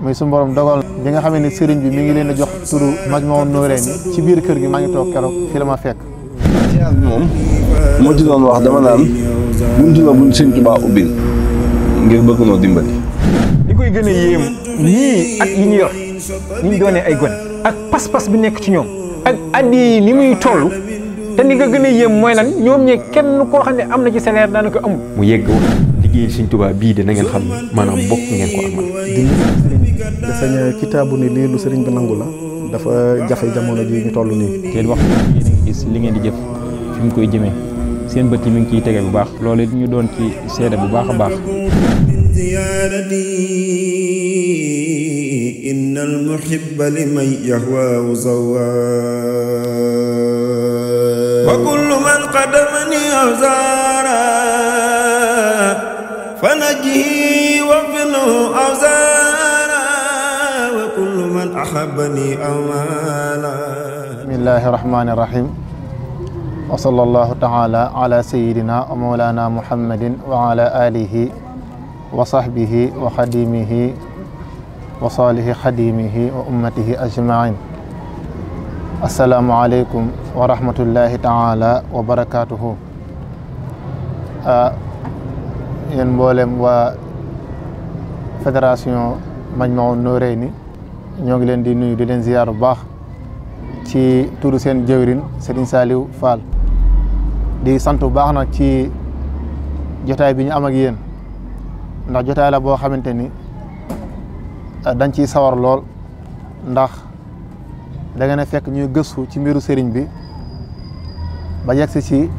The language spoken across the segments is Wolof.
muy su borom dogal bi nga xamee ne sëriñ bi mi ngi leen a jox turu Majmahun Nurayni ci biir kër gi maa ngi toog keroog fi la ma fekk. moom moo ci doon wax dama naan buntu la buñ Sëriñ Tuubaa ubbil ngir bëgg noo dimbali. li koy gën a yéem ñii ak yi ñu yor ni ñu doonee ay gone ak pas-pas bi nekk ci ñoom ak addi yi ni muy toll te li nga gën a yéem mooy lan ñoom ñee kenn koo xam ne am na ci salaire daanaka amul. mu yegg liggéey Sëriñ Tuubaa bii de na ngeen xam maanaam bokk ngeen ko dafa ñëw kitaabu ni lii lu sëriñ bi nangu la dafa jafe jamono ji ñu toll nii. te wax yéen a ngi gis li ngeen di jëf fi mu koy jëmee seen bët yi mi ngi ciy tege bu baax loolu it ñu doon ci seede bu baax a baax. inna al muhibba liman yahwa zawwar habni amala bismillahi rahmani rahim wa sallallahu taala ala sayidina wa mawlana muhammadin wa ala alihi wa sahbihi wa xadimihi wa salihi xadimihi wa ummatihi ajmain asalaamualeykum wa rahmatullahi taala wa barakatuhu yéen mboolem waa fédération Majmahun Nurayni ñoo ngi leen di nuyu di leen ziyaar bu baax ci turu seen jëwrin Serigne Saliou Fall di sant bu baax nag ci jotaay bi ñu am ak yéen ndax jotaay la boo xamante ni ah, dañ ciy sawar lool ndax da ngeen fekk ñuy gëstu ci mbiru sëriñ bi ba si ci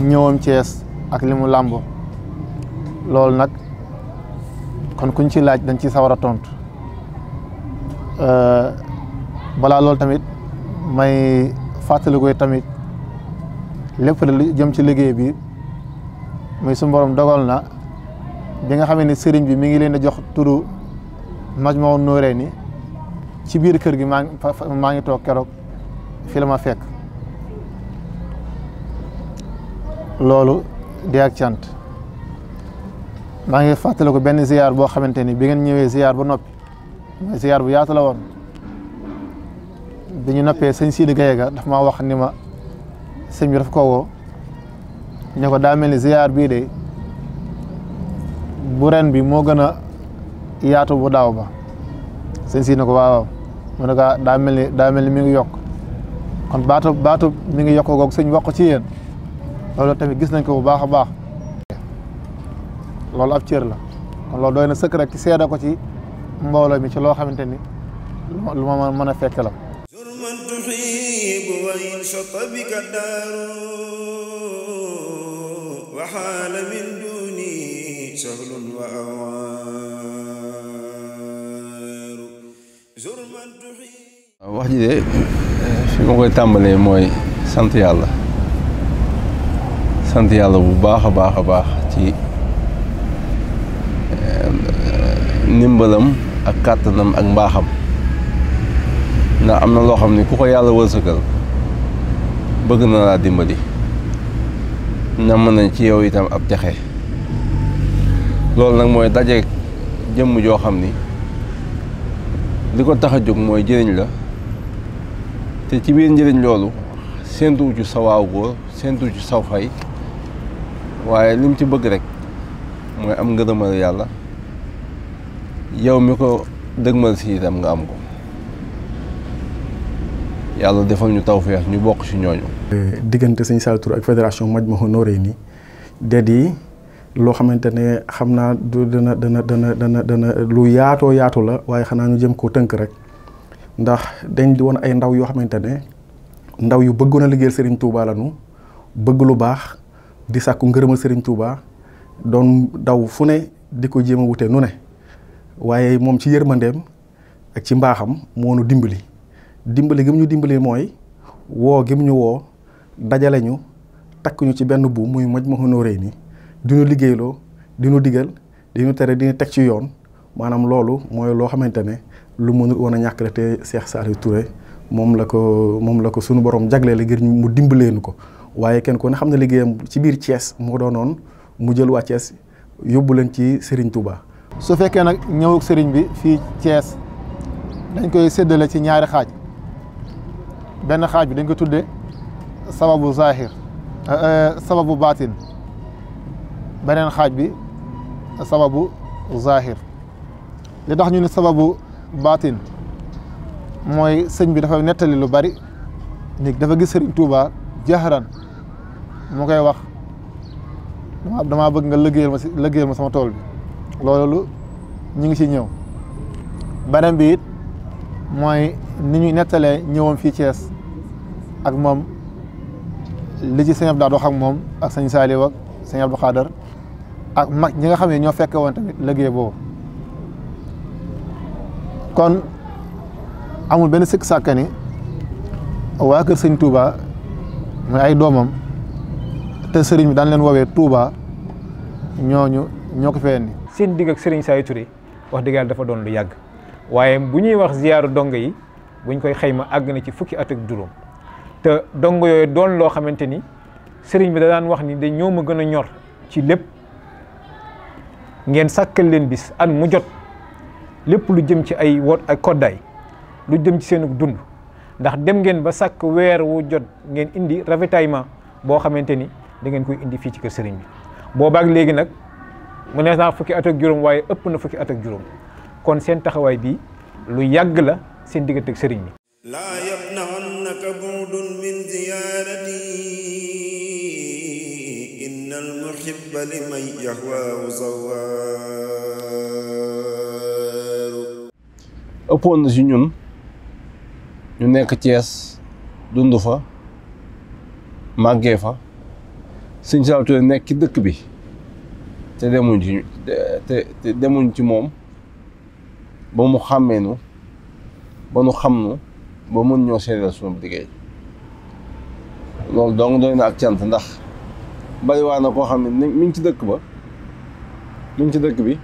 ñëwam Cees ak limu mu làmb loolu nag kon kuñ ci laaj dañ ciy sawar a tontu Euh, balaa loolu tamit may fàttalikoy tamit lépp lu jëm ci liggéey bi muy su borom dogal na bi nga xamee ni sëriñ bi mi ngi leen da jox turu Majmahun Nurayni ci biir kër gi maa ngi maa ngi toog keroog fi la fekk loolu di ak cant maa ngi fàttaliku benn ziyaar boo xamante ni bi ngeen ñëwee ziyaar ba noppi mooy ziar bu yaatu la woon bi ñu noppee sëñ Sidi Gaye daf maa wax ni ma sëñ bi daf ko woo ne ko daa mel ni ziar bii de bu ren bi moo gën a yaatu bu daaw ba sëñ Sidi ne ko waaw mu ne ko ah, daa mel ni daa mel ni mi ngi yokk kon baatu baatu mu ngi yokk googu sëñ wax ci yéen loolu tamit gis nañ ko bu baax a baax loolu ab cër la kon loolu doy na sëkk rek ci seede ko ci. mbooloo mi ci loo xamante ni lu ma mën a fekk la waxaala min duni sahlun wa awaaru wax ji de fi ma koy tàmbalee mooy sant yàlla sant yàlla bu baax a baax a baax ci eh, ndimbalam ak kàttanam ak mbaaxam ndax am na loo xam ne ku ko yàlla wërsëgal bëgg na laa dimbali na nañ ci yow itam ab texe loolu nag mooy dajeek jëmm joo xam ni li ko tax a jóg mooy jëriñ la te ci biir njëriñ loolu séentuwu ci sa waaw góor séentuwu ci saw fay waaye lim ci bëgg rek mooy am ngërëmal yàlla yow mi ko dëgmal si itam nga am ko yàlla defal ñu tawfeex ñu bokk si ñooñu. diggante sëñ Saliou Touré ak fédération Majmahun Nurayni déet yi loo xamante ne xam naa du dana dana dana lu yaatoo yaatu la waaye xanaa ñu jëm koo tënk rek ndax dañ di woon ay ndaw yoo xamante ne ndaw yu bëggoon a liggéeyal sëriñ Touba lañu bëgg lu baax di sàkku ngërëmal sëriñ Touba doon daw fu ne di ko jéem a wute nu ne. waaye moom ci yërmandeem ak ci mbaaxam moo nu dimbali dimbali gi ñu dimbali mooy woo gi ñu woo dajale ñu takk ñu ci benn bu muy Majmahun Nurayni nii ñu liggéeyloo di digal di tere di ñu teg ci yoon maanaam loolu mooy loo xamante ne lu mënul woon a ñàkk la te Cheikh Saliou Touré moom la ko moom la ko suñu borom jagleel ngir mu dimbaleenu ko waaye kenn ku ne xam ne liggéeyam ci biir Thiès moo doonoon mu jël waa Thiès yóbbu leen ci Serigne Touba. su fekkee nag ñëwug sëriñ bi fii Thiès dañ koy séddale ci ñaari xaaj benn xaaj bi dañ ko tudde sababu zahir euh, euh, sababu baatin beneen xaaj bi sababu zahir li tax ñu ne sababu baatin mooy sëñ bi dafa nettali lu bari ni dafa gis sëriñ Touba jaxaran mu koy wax dama bëgg nga liggéeyal ma si ma sama tool bi loolu ñu ngi ci ñëw beneen bi mooy ni ñuy nettalee ñëwam fii cees ak moom li ci sëñ Abdou ak moom ak sëñ Saliou ak sëñ Abdou Khader ak mag ñi nga xam ne ñoo fekke woon tamit liggéey boobu kon amul benn sikk sàkkani ni waa kër sëñ Touba muy ay doomam te sëriñ bi daan leen woowee Touba ñooñu ñoo ko fee seen digg ak Serigne Saliou Touré wax dëgg dafa doon lu yàgg waaye bu ñuy wax ziyaaru dongo yi buñ koy xayma àgg na ci fukki at ak juróom te dongo yooyu doon loo xamante ni sëriñ bi da daan wax ni de ñoo ma gën a ñor ci lépp ngeen sàkkal leen bis at mu jot lépp lu jëm ci ay woot ak koddaay lu jëm ci seenug dund ndax dem ngeen ba sàkk weer wu jot ngeen indi ravitaillement boo xamante ni da ngeen koy indi fii ci kër sëriñ bi boobaak léegi nag mu nees saa fukki at ak juróom waaye ëpp na fukki at ak juróom kon seen taxawaay bi lu yàgg la seen diggante ak sëriñ bi laa yamna'annaka bu'dun min ziyaarati innal muhibba liman yahwaa zawwaaru ëppoon na si ñun ñu nekk Cees dund fa màggee fa sëñ Saliou Touré nekk ci dëkk bi te demuñ ci te ci moom ba mu xàmmee nu ba nu xam nu ba mun ñoo seedal sunu liggéey loolu dong doy na ak cant ndax bari waa na koo xam ne mi ci dëkk ba mi ci dëkk bi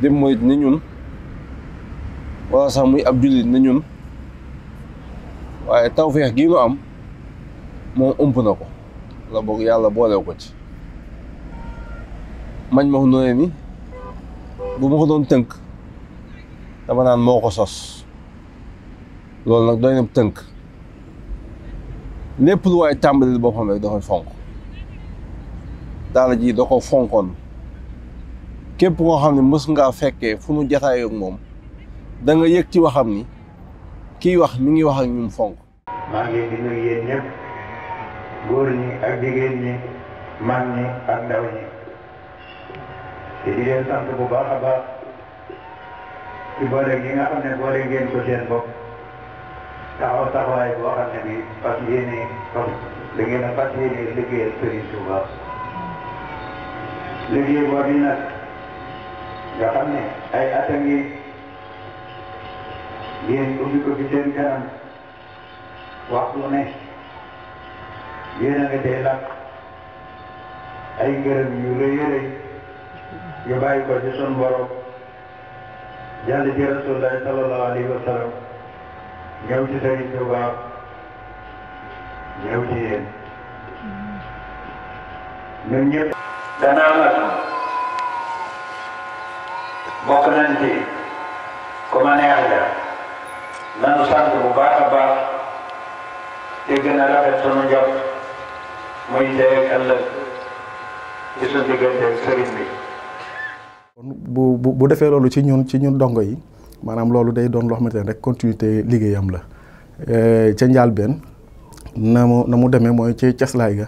dem mooy ni ñun wala sax muy ab jullit ni ñun waaye tawfeex gii nu am moom ump na ko la boog yàlla boolew ko ci mañ ma noone ni bu ma ko doon tënk dama naan moo ko sos loolu nag doy na tënk lépp lu waaye tàmbalil boppam rek da koy fonk daara ji doo ko fonkoon képp koo xam ne mës ngaa fekkee fu nu jataayoo ak moom danga nga yëg ci waxam ni kiy wax mi ngi wax ak ñum fonk di leen sant bu baax a baax ci gi nga xam ne boole ngeen ko seen bopp taxaw taxawaay boo xam ne bi fas yéene fas da ngeen a fas yéene liggéeyal Sëriñ Tuuba liggéey boobu nag nga xam ne ay at a ngi ngeen ubbi ko ci seen kanam ne yéen a ay ngërëm yu rëy yu bàyyi ko ci sun borom jàll ci rasulullahi sallallahu alayhi wa sallam ñëw ci Sëriñ Tuubaa ñëw ci yéen ñun ñëpp danaa mat bokk ci ku ma neex la nanu sant bu baax a baax te gën a rafet sunu njot muy dee ëllëg ci suñu diggante sëriñ bi kon bu bu bu defee loolu ci ñun ci ñun dongo yi maanaam loolu day doon loo xamante ne rek continuité liggéeyam la eh, ca njàlbeen na mu na mu demee mooy ci ceslaay ga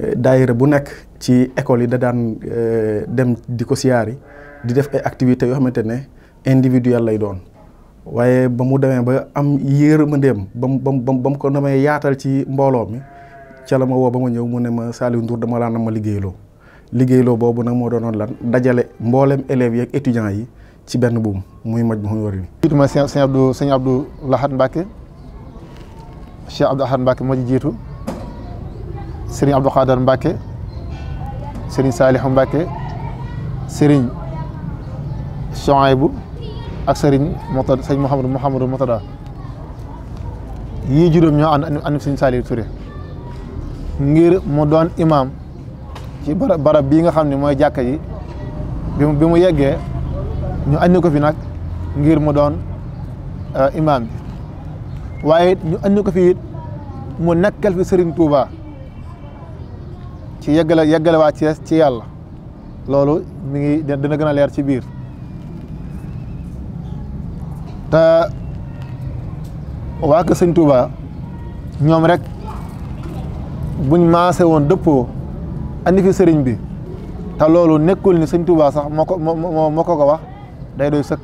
eh, daayira bu nekk ci école yi da daan eh, dem di ko siyaari di def ay activités yoo xamante ne individuel lay doon waaye ba mu demee ba am yërmandeem ba mu ba mu ba mu ko namee yaatal ci mbooloo mi ca la ma woo ba ma ñëw mu ne ma Saliou Ndour dama laa na ma liggéeyloo liggéey loo boobu nag moo doonoon lan dajale mboolem élèves yi ak yi ci benn buum muy maj bu muy war yi. jiitu ma sëñ Abdou sëñ Abdou Lahad Mbacke Cheikh Abdou Ahad Mbacke jiitu Serigne Abdou Khadar Mbacke Serigne Salihu Mbacke Serigne ak Serigne Moutada sëñ Mouhamadou Mouhamadou Moutada yii juróom ñoo ànd ànd Serigne Saliou ngir mu doon imaam. ci barab bii nga xam ne mooy jàkka ji bi bi mu yeggee ñu andi ko fi nag ngir mu doon euh, imaam bi waaye ñu andi ko fi mu nekkal fi sëriñ Touba ci yeggale yeggale waa Thiès ci yàlla loolu mi ngi dina gën a leer ci biir te waa ko Serigne ñoom rek buñ maase woon dëppoo. andi fi sëriñ bi te loolu nekkul ni sëñ Tuubaa sax moo ko moo ko wax day doy sëkk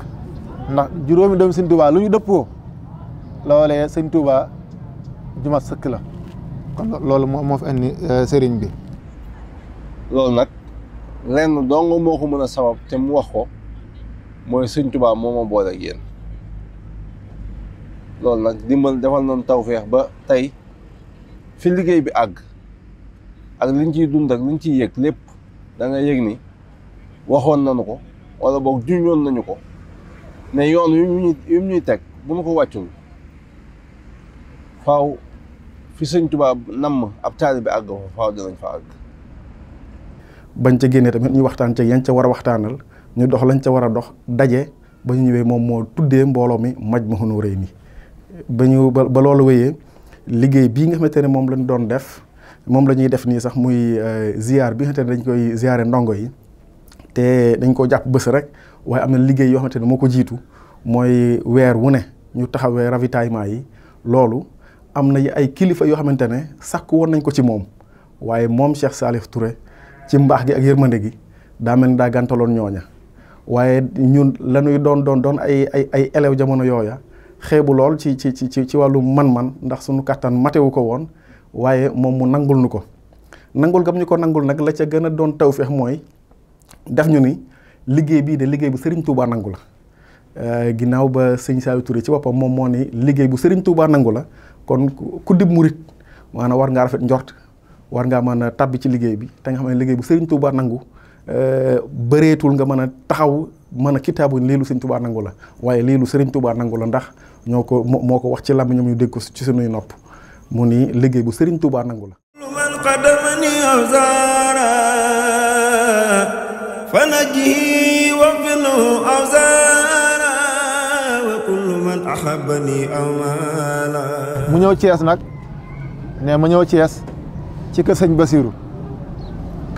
ndax juróomi doom sëñ Tuubaa lu ñu dëppoo loolee sëñ Tuubaa jumat sëkk la kon loolu moo fi andi euh, sëriñ bi. loolu nag lenn dong moo ko mën a sabab te mu wax ko mooy sëñ Tuubaa moo ma boole ak loolu nag dimbal defal taw tawfeex ba tey fi liggéey bi àgg. ak li ñu ciy dund ak li ñu ciy yëg lépp da nga yëg ni waxoon nañu ko wala boog juñoon nañu ko ne yoon yu ñuy ñuy teg bu ñu ko wàccul faaw fi sëñ tubaab namm ab taalibe bi àgg fa faaw dinañ fa àgg. bañ ca génnee tamit ñu waxtaan ca yañ ca war a waxtaanal ñu dox lañ ca war a dox daje ba ñu ñëwee moom moo tuddee mbooloo mi Majmahun mi ba ñu ba loolu wéyee liggéey bii nga xamante ne moom lañ doon def. moom la def nii sax muy euh, ziar bi nga ne dañ koy ziare ndongo yi te dañ ko jàpp bës rek waaye am na liggéey yoo xamante ne moo ko jiitu mooy weer wu ne ñu taxawee ravitaiment yi loolu am na ay kilifa yoo xamante ne sàkk woon nañ ko ci moom waaye moom Cheikh Salif Touré ci mbaax gi ak yërmande gi daa mel ni daa gàntaloon ñooña waaye ñun la ñuy doon doon doon ay ay ay élèves jamono yooya xeebu lool ci ci ci ci wàllu man-man ndax suñu kàttan matewu ko woon waaye moom mu nangul nu ko nangul gam ñu ko nangul nag la ca gën a doon tawféex mooy def ñu ni liggéey bii de liggéey bu Serigne Touba nangu la euh, ginnaaw ba sëñ Saliou Touré ci boppam moom moo ni liggéey bu Serigne Touba nangu la kon ku dib murit maanaam war ngaa rafet njort war ngaa mën a tabbi ci liggéey bi te nga xam ne liggéey bu Serigne Touba nangu euh, bëreetul nga mën a taxaw mën a kitaabu lii lu Sëriñ Touba nangu la waaye lii lu Sëriñ Touba nangu la ndax ñoo ko moo ko wax ci ñoom ñu dégg ko ci sunuy nopp. mu ni liggéey bu Serigne Touba nangu la fanajhi wa filu awzara wa kullu man ahabbani amala mu ñëw Cees nag ne ma ñëw Cees ci kër sëñ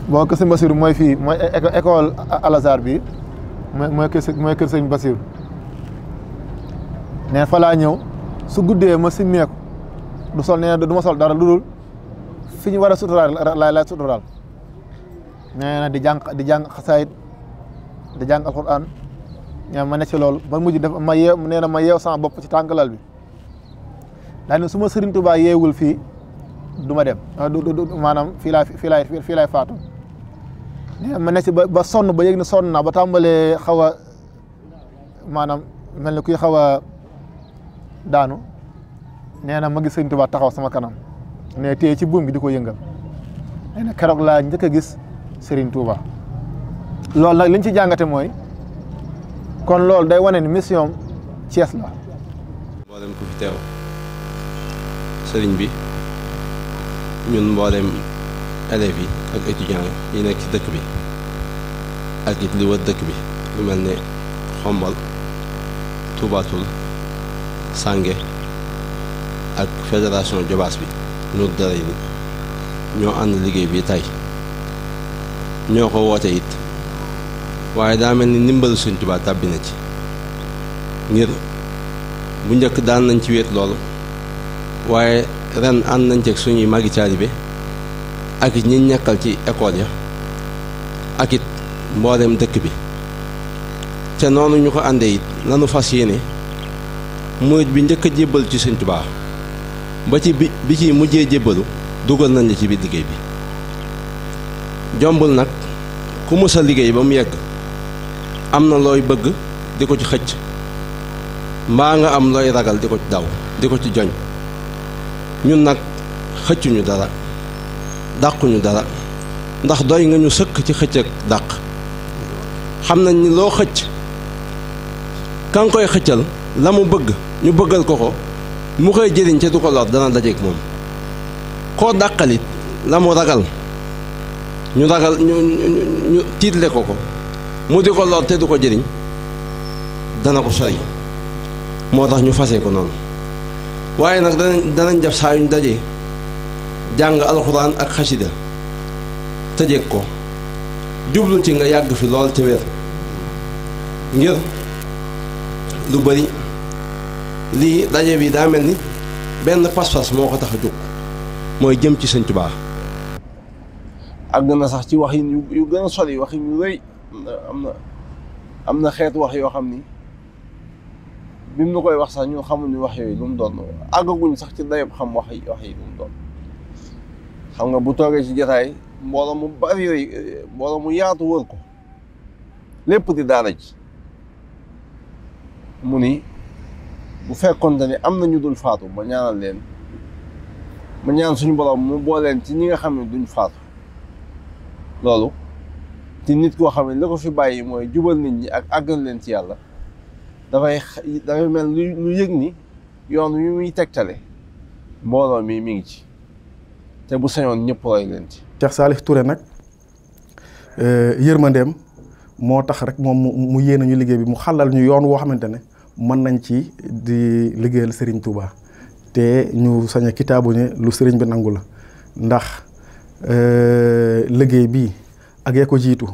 boo kër sëñ mooy fii mooy école Al Azhar bi mooy kër mooy kër sëñ Basiru ne fa ñëw su guddee ma simmeeku du sol nee du ma sol dara lu dul fi ñu war a suturaal laay laay suturaal nee na di jàng di jàng xasaayit di jàng alquran ñaa ma ne ci loolu ba mujj def ma yeew nee na ma yeew sama bopp ci tàngalal bi daal ne su ma Sëriñ yeewul fii duma dem ah, maanaam fii laay fii laay fii faatu nee ma ne ci ba sonn ba yëg ne sonn naa ba tàmbalee xaw a maanaam mel ni kuy xaw a daanu nee na ma gis Sëriñ Tuubaa taxaw sama kanam ne téye ci buum gi di ko yëngal nee keroog laa njëkk a gis Sëriñ Tuubaa loolu nag liñ ci jàngate mooy kon loolu day wane ni mission Thiès la. mboolem ku fi teew sëriñ bi ñun mboolem élèves yi ak étudiants yi nekk ci dëkk bi ak it li wër dëkk bi lu mel ni xombal tubaatul sange ak fédération jobaas bi nur dara yi ñoo ànd liggéey bi tey ñoo ko woote it waaye daa mel ni ndimbalu Sëñ Tuubaa tàbbi na ci ngir bu njëkk daan nañ ci wéet loolu waaye ren ànd nañ ci suñuy magi taalibe ak it ñi ñàkkal ci école ya ak it mboolem dëkk bi te noonu ñu ko àndee it lanu fas yéene murit bi njëkk a jébbal ci Sëñ ba ci bi bi ci mujjee jébbalu dugal nañ ci biir liggéey bi jombul nag ku mësa liggéey ba mu yegg am na looy bëgg di ko ci xëcc mbaa nga am looy ragal di ko ci daw di ko ci joñ ñun nag xëccuñu dara dàquñu dara ndax doy nga ñu sëkk ci xëcc ak dàq xam nañ ni loo xëcc ka koy xëccal la mu bëgg ñu bëggal ko ko mu koy jëriñ ca du ko lor dana dajeeg moom koo dàqalit la mu ragal ñu ragal ñu ñu tiitle ko ko mu di ko lor te du ko jëriñ dana ko sori moo tax ñu fase ko noonu waaye nag danañ danañ def saa yuñ dajee jàng alxuraan ak xasida tëjeeg ko jublu ci nga yàgg fi lool te wér ngir lu bari lii daje bi daa mel ni benn pas-pas moo ko tax a jóg mooy jëm ci sëñ Tuubaa àgg na sax ci wax yi yu gën a sori wax yu rëy am na am na xeetu wax yoo xam ni bi mu koy wax sax ñu xamuñu wax yooyu lu mu doon àggaguñ sax ci dayab xam wax yi wax yi lu mu doon xam nga bu toogee ci jataay mbooloo mu bari mbooloo mu yaatu wër ko lépp di daara ji mu ni bu fekkoon ni am na ñu dul faatu ma ñaanal leen ma ñaan suñu borom mu booleen ci ñi nga xam ne duñ faatu loolu te nit koo xam ne la ko fi bàyyi mooy jubal nit ñi ak àggal leen ci yàlla dafay dafay mel lu yëg ni yoon wi muy tegtale mbooloo mii mi ngi ci te bu sañoon ñëpp roy leen ci. Cheikh Salif Touré nag euh, yërmandeem moo tax rek moom mu mu yéene ñu liggéey bi mu xàllal ñu yoon woo xamante ne. mën nañ ci di liggéeyal sëriñ Touba te ñu sañ kitaabu ne lu sëriñ bi nangu la ndax euh, liggéey bi ak ya jiitu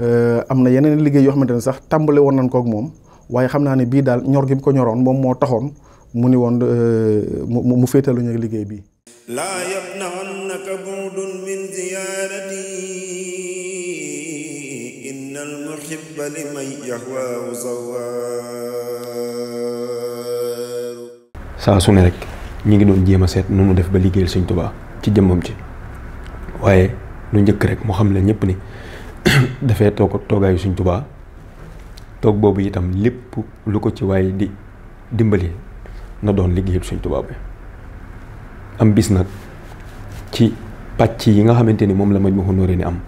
euh, am na yeneen liggéey yoo xamante ne sax tàmbale woon nañ ko ak moom waaye xam naa ne bii daal ñor gi mu ko ñoroon moom moo taxoon mu ni woon euh, mu mu féetaluñu ak liggéey bi laa yamna'annaka bu'dun min ziyaarati innal muhibba liman yahwa zawwaar saa su ne rek ñu ngi doon jéem a seet nu mu def ba liggéeyal Sëñ Tuubaa ci jëmmam ci waaye lu njëkk rek mu xam la ñëpp ni dafay toog toogaayu Sëñ Tuubaa toog boobu itam lépp lu ko ci waaye di dimbali na doon liggéeyal Sëñ Tuubaa bi am bis nag ci pàcc yi nga xamante ni moom la Majmahun ni am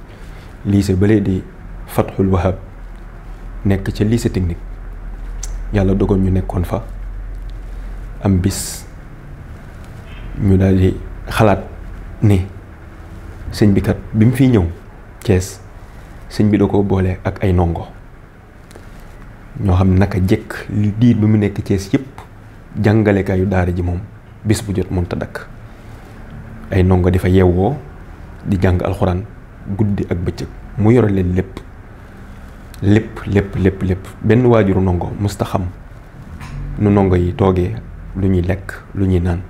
lycée bële di Fathul Wahab nekk ca lycée technique yàlla dogal ñu nekkoon fa am bis ñu daldi xalaat ni sëñ bi kat bi mu fiy ñëw cees sëñ bi da ko boole ak ay ndongo ñoo xam ne naka jëkk li diir mu nekk Thiès yëpp jàngalekaayu daara ji moom bis bu jot mënut a dakk ay ndongo di fa yeewoo di jàng alxuraan guddi ak bëccëg mu yore leen lépp lépp lépp lépp lépp benn waajuru ndongo musta xam nu ndongo yi toogee lu ñuy lekk lu ñuy naan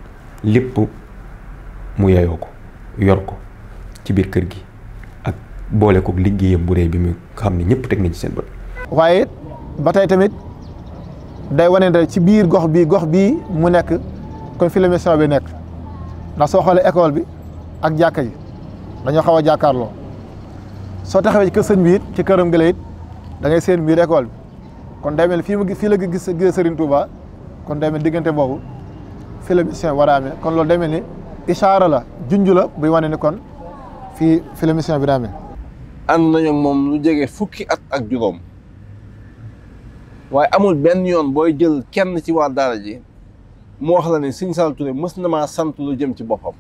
lépp mu yeyoo ko yor ko ci biir kër gi ak boole ko liggéeyam bu rëy bi mu xam ne ñëpp teg nañ ci seen bët. waaye ba tey tamit day wane ne ci biir gox bii gox bii mu nekk kon fi bi nekk ndax soo xoolee école bi ak jàkka yi dañoo xaw a jàkkaarloo soo taxawee ci kër sëñ bi ci këram gi la it da ngay seen biir école bi kon day mel fii mu fii la gis gis Serigne Touba. kon day diggante boobu fi la mission war a kon loolu day ni ishaara la junju la buy wane ni kon fii fi la mission bi daa amee. ànd moom lu jege fukki at ak juróom waaye amul benn yoon booy jël kenn ci waa daara ji mu wax la ne siñ Saliou Touré mës na sant lu jëm ci boppam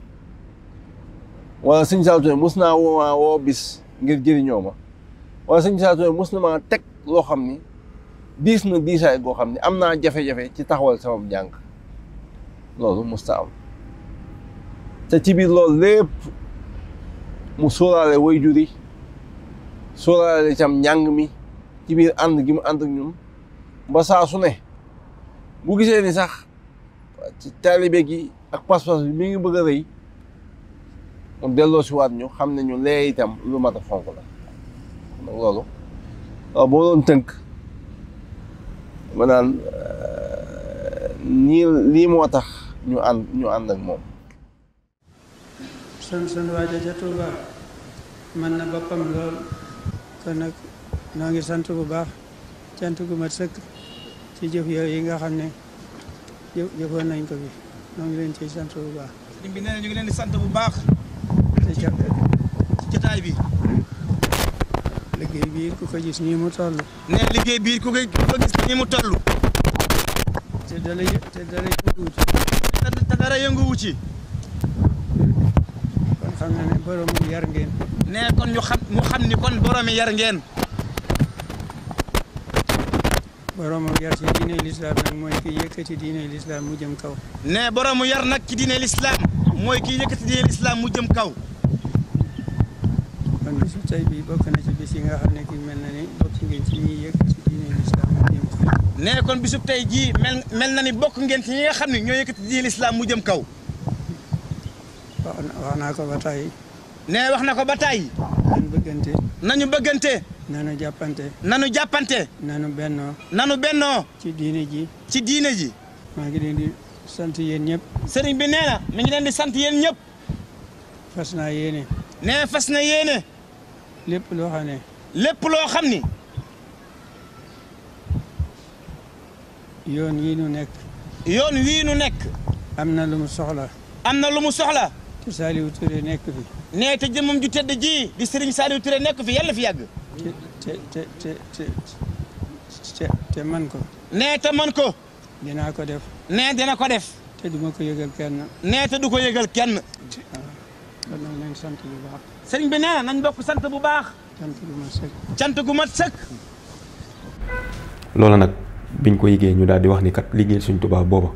walla Sëñ Saliou Touré mës naa woo woo bis ngir jëriñoo ma wala Sëñ Saliou mës na teg loo xam ni. diis na diisaay goo xam ne am naa jafe-jafe ci taxawal sama jàng loolu musta am te ci biir loolu lépp mu sóoraale way juri sóoraale cam njàng mi ci biir ànd gi mu ànd ak ñun ba saa su ne bu gisee ni sax ci taalibe gi ak pas-pas bi mi ngi bëgg a rëy mu delloo si waat ñu xam ne ñu lee itam lu mat a fonk la loolu boo tënk ma naan nii lii moo tax ñu ànd ñu ànd ak moom. sun sun waaja ca Tuuba mën na boppam lool kon nag noo ngi sant bu baax cant gu mat sëkk ci jëf yooyu yi nga xam ne jëfoon nañ ko bi noo ngi leen ciy sant bu baax. bu baax. ci bi. liggéey biir ku ko gis nii mu toll. nee liggéey biir ku ko gis nii mu toll. te dara yë te dara yënguwu ci. te dara kon xam na ne borom yar ngeen. nee kon ñu xam ni kon borom yar ngeen. boromam yar ci diine lislaam nag mooy kiy yëkkati diine lislaam mu jëm kaw. ne boromu yar nag ci diine lislaam mooy kiy yëkkati diine lislaam mu jëm kaw. kon bisu tey xam ne ki mel na mu jëm kaw. nee kon bisu tey jii mel na ni bokk ngeen ci ñi nga xam ne ñoo yëkkati diine lislaam mu jëm kaw. wax na naa ko ba tay nee wax na ko ba taay. nañu bëggante. nañu bëggante. nanu jàppante. nanu jàppante. nanu bennoo. nanu bennoo. ci diine ji. ci diine ji. maa ngi leen di sant yéen ñëpp. sëriñ bi nee na mi ngi leen di sant yéen ñëpp. fas naa nee fas na lépp loo xam lépp loo xam ni. yoon wii nekk. yoon wii nu nekk. am na lu mu soxla. am na lu mu soxla. te Saliou Touré nekk fi. nee te jëmmam ju tedd ji di Serigne Saliou nekk fi yàlla fi yàgg. te te te te te te man ko. nee te man ko. dinaa ko def. nee dina ko def. te duma ko yëgal kenn. nee du ko yëgal kenn. Ah. sant bu baax. sëriñ bi nee nañ bokk sant bu baax. cant gu ma sëkk. cant loola nag biñ ko yëgee ñu daal di wax ni kat liggéey suñ tubaab booba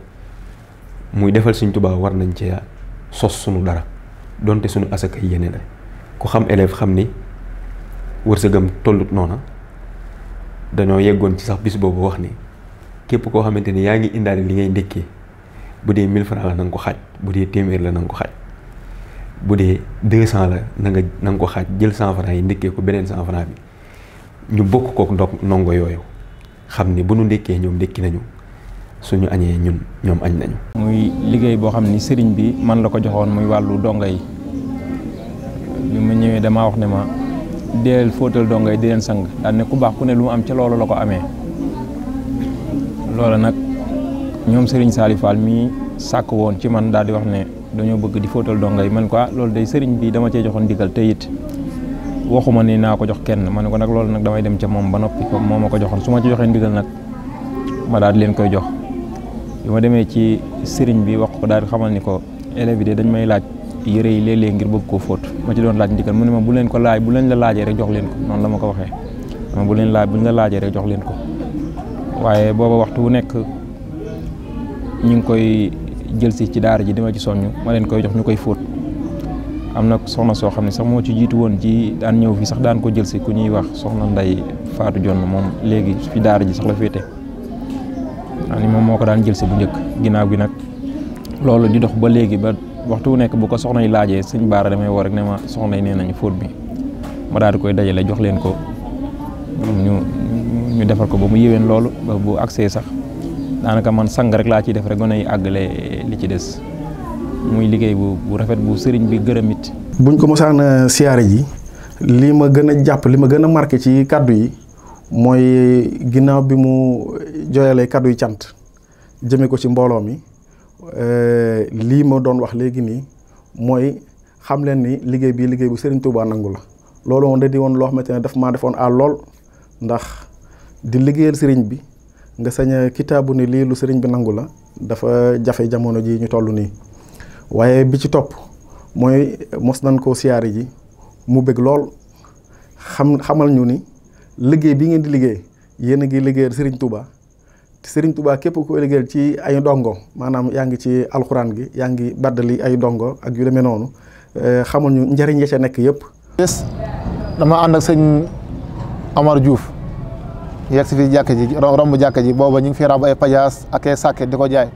muy defal suñ Tuubaa war nañ ci sos suñu dara donte suñu asaka yéene la ku xam élève xam ni wër wërsëgam tollut noona dañoo yeggoon ci sax bis boobu wax ni képp koo xamante ni yaa ngi indaale li ngay ndékkee bu dee 1000 francs la na ko xaaj bu dee téeméer la na nga ko xaaj. bu dee deux cent la nanga nanga ko xaaj jël cent yi ndekkee ko beneen cent bi ñu bokk kook ndog ndongo yooyu xam ni bu nu ndekkee ñoom ndekki nañu suñu añee ñun ñoom añ nañu. muy liggéey boo xam ni sëriñ bi man la ko joxoon muy wàllu donga yi bi ma ñëwee damaa wax ne ma deel fóotal donga yi di sang daan ne ku baax ku ne lu mu am ca loolu la ko amee loola nag ñoom sëriñ Saliou Fall mii sàkk woon ci man daal di wax ne. dañoo bëgg di fóotal donga yi man quoi ah, loolu day sëriñ bi dama cee joxoon ndigal te it waxuma ni naa ko jox kenn ma ne ko nag loolu nag damay dem ca moom ba noppi moo ma ko joxoon su ma ci joxee ndigal nag ma daal di leen koy jox bi ma demee ci sëriñ bi wax ko daal di xamal ni ko élèves dañ may laaj yëre yi léeg-léeg bëgg koo fóot ma ci doon laaj ndigal mu ne ma bu leen ko laaj bu leen la laajee rek jox leen ko noonu la ma ko waxee ma bu leen laaj bu ñu la laajee rek jox leen ko waaye booba waxtu wu nekk ñu ngi koy jël si ci daara ji dima ci soññ ma leen koy jox ñu koy fóot am na soxna soo xam ne sax moo ci jiitu woon ci daan ñëw fii sax daan ko jël si ku ñuy wax soxna nday faatu jonn moom léegi fi daara ji sax la féete ni moom moo ko daan jël si bu njëkk ginnaaw gi nag loolu di dox ba léegi ba waxtu wu nekk bu ko soxna yi laajee sëñ baara damay woo rek ne ma soxna yi nee nañu fóot bi ma daal di koy dajale jox leen ko ñu defar ko ba mu yéwén loolu ba bu accès sax daanaka man sang rek laa ciy def rek gën a àggale li ci des muy liggéey bu bu rafet bu sëriñ bi gërëm it. buñ ko mosaan euh, siyaare ji li ma gën a jàpp li ma gën a marke ci kàddu yi mooy ginnaaw bi mu jooyalee kàddu yi cant jëmee ko ci mbooloo mi euh, lii ma doon wax léegi nii mooy xam leen ni liggéey bi liggéey bu sëriñ Touba nangu la loolu moom da di woon loo xamante ne daf maa defoon à lool ndax di liggéeyal sëriñ bi. nga sañ a kitaabu ni lii lu sëriñ bi nangu la dafa jafe jamono ji ñu toll nii waaye bi ci topp mooy mos nañ ko siyaare ji mu bëgg lool xam xamal ñu ni liggéey bi ngeen di liggéey yéen a ngi liggéeyal sëriñ Touba sëriñ Touba képp ku koy liggéeyal ci ay dongo maanaam yaa ngi ci alxuraan gi yaa ngi baddali ay dongo ak yu demee noonu eh, xamal ñu njariñ ya ca nekk yëpp. dama ànd ak sëñ Amar Diouf. yegg si fi jàkka ji romb jàkka ji booba ñu ngi fi ràbb ay pajaas ak ay sàkket di ko jaay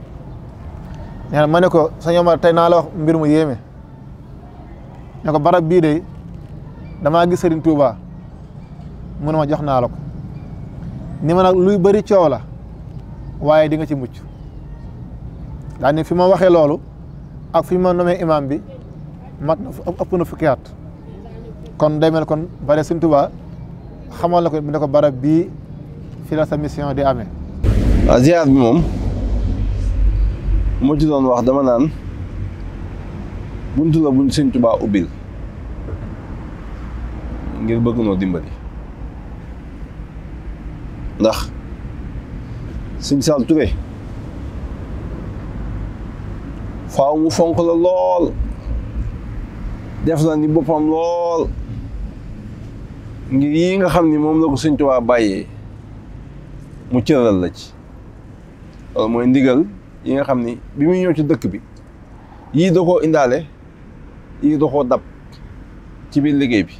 nee na ma ne ko sëñ Omar tey naa wax mbir mu yéeme ne ko barab bii de damaa gis Serigne Touba mu ma jox naa ni ma nag luy bari coow la waaye di nga ci mucc daa ne fi ma waxee loolu ak fi ma nomee imam bi mat a ëpp na fukki kon day mel kon bare Serigne Touba xamal na ko ne ko barab bii fi la di amee. Ah, bi moom moo ci doon wax dama naan buntu la buñ Sëñ Tuubaa ubbil ngir bëgg noo dimbali ndax Sëñ Saal Ture faaw mu fonk la lool def la ni boppam lool ngir yi nga xam ni moom la ko Sëñ mu cëral la ci loolu mooy ndigal yi nga xam ni bi muy ñëw ci dëkk bi yii da koo indaale yii da koo dab ci biir liggéey bi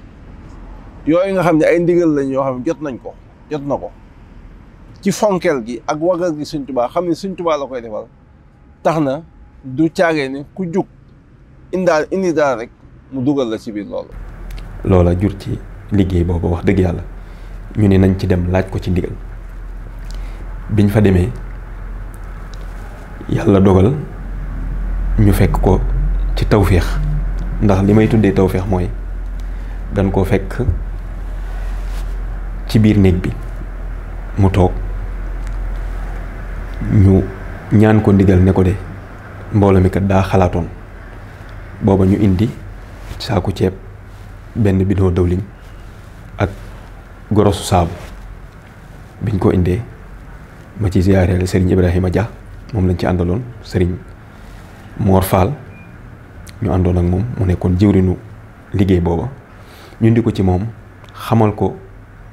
yooyu nga xam ne ay ndigal lañ yoo xam ne jot nañ ko jot na ko ci fonkeel gi ak wagal gi Sëñ Tuubaa xam ne Sëñ Tuubaa la koy defal tax na du caagee ne ku jug indaal indi daal rek mu dugal la ci biir loolu loola jur ci liggéey boobu wax dëgg yàlla ñu ne nañ ci dem laaj ko ci ndigal biñ fa demee yàlla dogal ñu fekk ko ci tawféex ndax li may tuddee tawféex mooy dañ koo fekk ci biir néeg bi mu toog ñu ñaan ko ndigal ne ko de mbooloo mi kat daa xalaatoon booba ñu indi saaku ceeb benn bidon dawliñ ak gorosu saabu biñ ko indee ma ci ziyaareel Serigne Ibrahima Dia moom lañ ci àndaloon Serigne Mor Fall ñu àndoon ak moom mu nekkoon jëwrinu liggéey booba ñu di ko ci moom xamal ko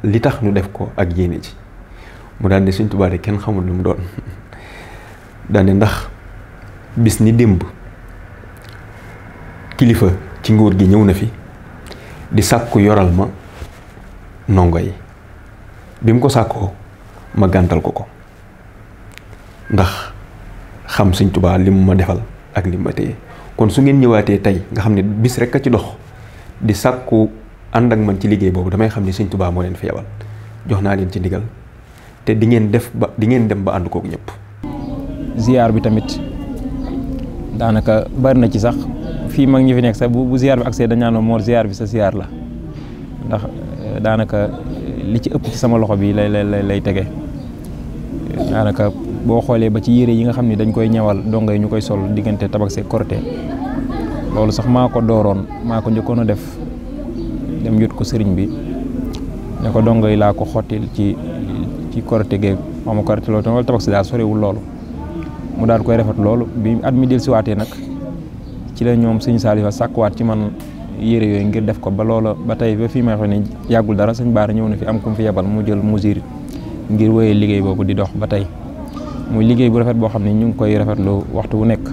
li tax ñu def ko ak yéene ci mu daal ne kenn xamul lu mu doon daal ndax bis ni démb kilifa ci nguur gi ñëw na fi di sàkku yoral ma ndongo yi bi mu ko sàkkoo ma gàntal ko ko ndax xam sëñ tubaa li mu ma defal ak li mu ma téye kon su ngeen ñëwaatee tey nga xam ne bis rek a ci dox di sàkku ànd ak man ci liggéey boobu damay xam ne sëñ tubaa moo leen feebal jox naa leen ci ndigal te di ngeen def ba di ngeen dem ba ànd kook ñëpp. ziar bi tamit daanaka bari na ci sax fii mag ñi fi nekk sax bu bu bi accès dañu naan moor ziar bi sa la ndax eh, daanaka li ci ëpp ci sama loxo bi lay lay lay tege. daanaka boo xoolee ba ci yére yi nga xam ne dañ koy ñawal dongo yi ñu koy sol diggante tabax see korité loolu sax maa ko dooroon maa ko njëkkoon a def dem yot ko sëriñ bi ne ko dongo yi laa ko xottil ci ci korité geeg xaw ma korité loolu si daal sorewul loolu mu daal koy rafet loolu bi at mi del siwaatee nag ci la ñoom suñu sëñ Saalifa sàkkuwaat ci man yére yooyu ngir def ko ba loola ba tey ba fii may waxee ne yàggul dara sañ baar ñëw na fi am ku mu fi yebal mu jël mesure ngir woyee liggéey boobu di dox ba tey muy liggéey bu rafet boo xam ne ñu ngi koy rafetlu waxtu wu nekk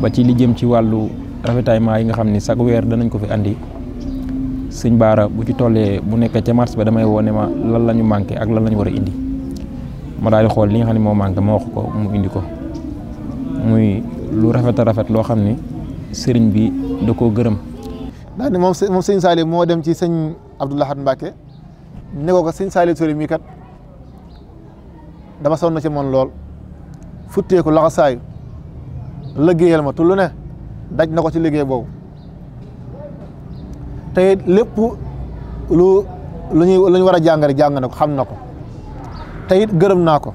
ba ci li jëm ci wàllu rafetaillement yi nga xam ne chaque weer danañ ko fi andi sëñ baara bu ci tollee bu nekkee ca mars ba damay wone ma lan la ñu manqué ak lan la ñu war a indi ma daal di xool li nga xam ne moo manqué ma wax ko mu indi ko muy lu rafet rafet loo xam ni sëriñ bi da koo gërëm. ndax moom moom sëñ Saliou moo dem ci sëñ Abdoul Ahad Mbacké ne ko ko sëñ dama sonn ci moom lool futteeku laxasaayu liggéeyal ma tu ne daj na ko ci liggéey boobu te lépp lu lu lu ñu war a jàng rek jàng na ko xam na ko te it gërëm naa ko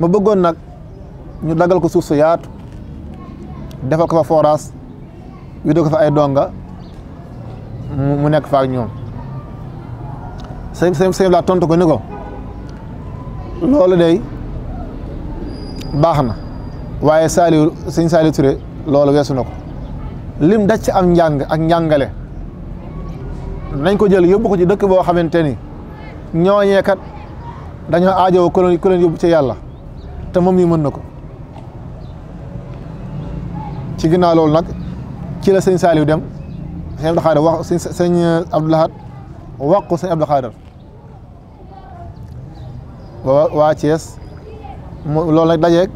ma bëggoon nag ñu dagal ko suuf su yaatu defal ko fa forage widoo fa ay donga mu nekk fa ak ñoom sëñ sëñ laa tontu ko ni ko loolu day baax na waaye Saliou sëñ Saliou Touré loolu weesu na ko lim daj ci am njàng ak njàngale nañ ko jël yóbbu ko ci dëkk boo xamante ni ñooñee kat dañoo aajowoo ku leen ku leen yóbbu ci yàlla te moom yi mën na ko ci ginnaaw loolu nag ci la sëñ Saliou dem sëñ Abdou Khader wax sëñ sëñ Abdou Lahad wax ko sëñ Abdou waa Thiès lool loolu nag dajeeg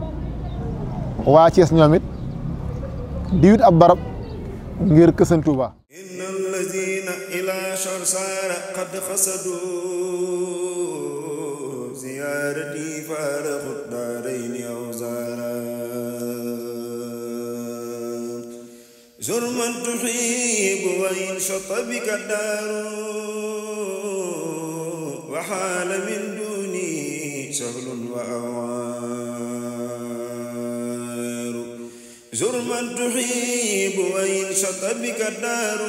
waa Thiès ñoom it di ab barab ngir kër Sëñ inna allazina ila sarsara qad xasadu ziyarati faaraxu daarayni aw zaara zurman tuxibu wa in shata bika min وأوار زر من تحيب وإن شط بك الدار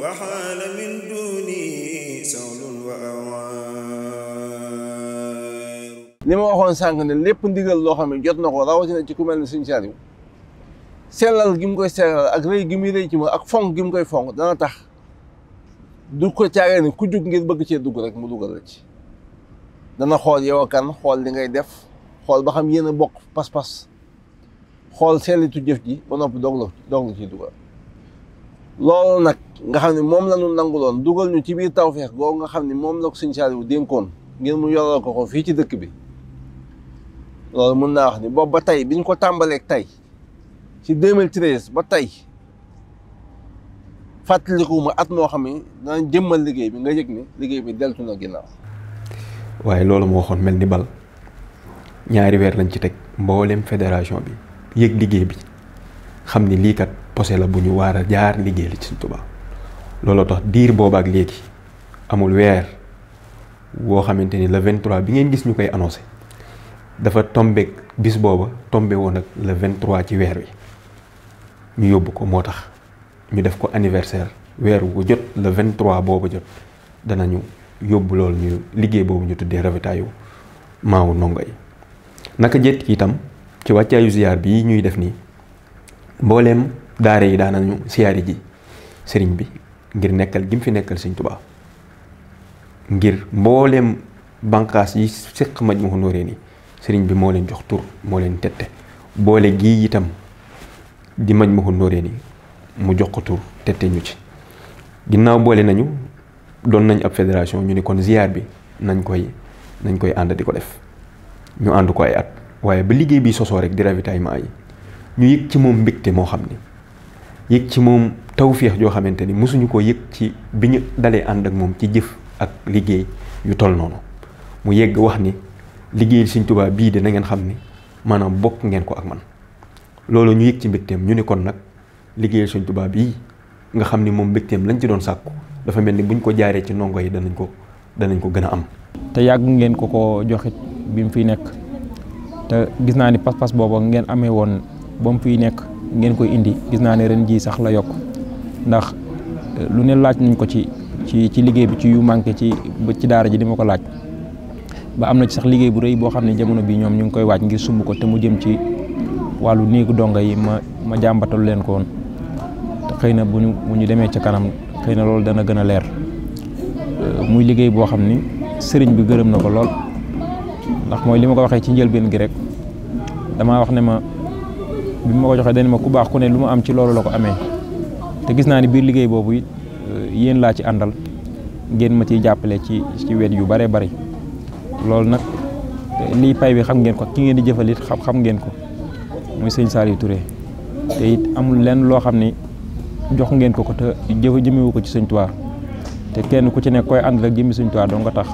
وحال من دوني سول وأوار ni ma waxoon sànq ne lépp ndigal loo xam ne jot na ko rawatina ci ku mel ne Sëñ sellal gi mu sellal ak rëy gi muy ci moom ak fonk gi mu koy fonk dana tax du ko caagee ne ku jug ngir bëgg cee dugg rek mu dugal la ci dana xool yow kan xool li ngay def xool ba xam yéen a bokk pas-pas xool seelitu jëf ji ba noppi doog la doog la dugal loolu nag nga xam ne moom la nangu nanguloon dugal ñu ci biir tawfeex googu nga xam ne moom la ko sëñ wu dénkoon ngir mu yoral ko ko fii ci dëkk bi loolu mun naa wax ni boobu ba tey bi ñu ko tàmbaleeg tey ci 2013 ba tey fàttaliku ma at moo xam ne dana jëmmal liggéey bi nga yëg ni liggéey bi deltu na ginnaaw waaye loolu moo waxoon mel ni bal ñaari weer lañ ci teg mboolem fédération bi yëg liggéey bi xam ni lii kat posé la bu ñu waar a jaar liggéey li ci Sëñ looloo tax diir booba ak léegi amul weer woo xamante ni la vingt 23 bi ngeen gis ñu koy annoncé dafa tombe bis booba tombe woon ak le 23 ci weer wi ñu yóbbu ko moo tax ñu def ko anniversaire weer wu jot le 23 booba jot danañu yóbbu loolu ñu liggéey boobu ñu tuddee ravitaayu maawu ndongo yi naka jëkk itam ci wàccaayu ziyaar bi ñuy def nii mbooleem daare yi daanañu siyaari ji sëriñ bi ngir nekkal gi mu fi nekkal sëriñ Tuubaa ngir mbooleem bànqaas yi séq Majmahun Nurayni sëriñ bi moo leen jox tur moo leen tette boole gii itam di Majmahun Nurayni mu jox ko tur tette ñu ci ginnaaw boole nañu doon nañ ab fédération ñu ne kon ziar bi nañ koy nañ koy ànd di ko def ñu ànd ko ay at waaye ba liggéey bi sosoo rek di ravitaillement yi ñu yëg ci moom mbégte moo xam ni yëg ci moom tawféex joo xamante ni mosuñu ko yëg ci bi ñu dalee ànd ak moom ci jëf ak liggéey yu toll noonu mu yegg wax ni liggéey Sëñ tubaab bii de ngeen xam ni maanaam bokk ngeen ko ak man loolu ñu yëg ci mbégteem ñu ne kon nag liggéey Sëñ Tuubaa bii nga xam ni moom mbégteem lañ ci doon sàkku dafa mel ni buñ ko jaaree ci ndongo yi danañ ko danañ ko gën a am. te yàgg ngeen ko ko joxit bi mu fi nekk te gis naa ni pas-pas boobu ngeen amee woon ba mu fiy nekk ngeen koy indi gis naa ne ren jii sax la yokk ndax eh, lu ne laaj nañ ko ci ci ci liggéey bi ci yu manqué ci ci daara ji di ma ko laaj ba am na ci sax liggéey bu rey boo xam ne jamono bi ñoom ñu ngi koy waaj ngir sumb ko te mu jëm ci wàllu néegu dongo yi ma ma jàmbatal leen ko woon te xëy na bu ñu demee ca kanam. xëy na loolu dana gën a leer muy liggéey boo xam ni sëriñ bi gërëm na ko lool ndax mooy li ma ko waxee ci njëlbeen gi rek damaa wax ne ma bi ma ko joxee dañ ma ku baax ku ne lu ma am ci loolu la ko amee te gis naa ni biir liggéey boobu it euh, yéen laa ci àndal ngeen ma ciy jàppale ci ci wet yu bare bari loolu nag lii pay bi xam ngeen ko ki ngeen di jëfal it xam xam ngeen ko muy sëñ Saliou Touré te it amul lenn loo xam ni jox ngeen ko ko te jëf jëmewu ko ci Sëñ Tuubaa te kenn ku ci nekk koy ànd rek jëmi Sëñ Tuubaa doo nga tax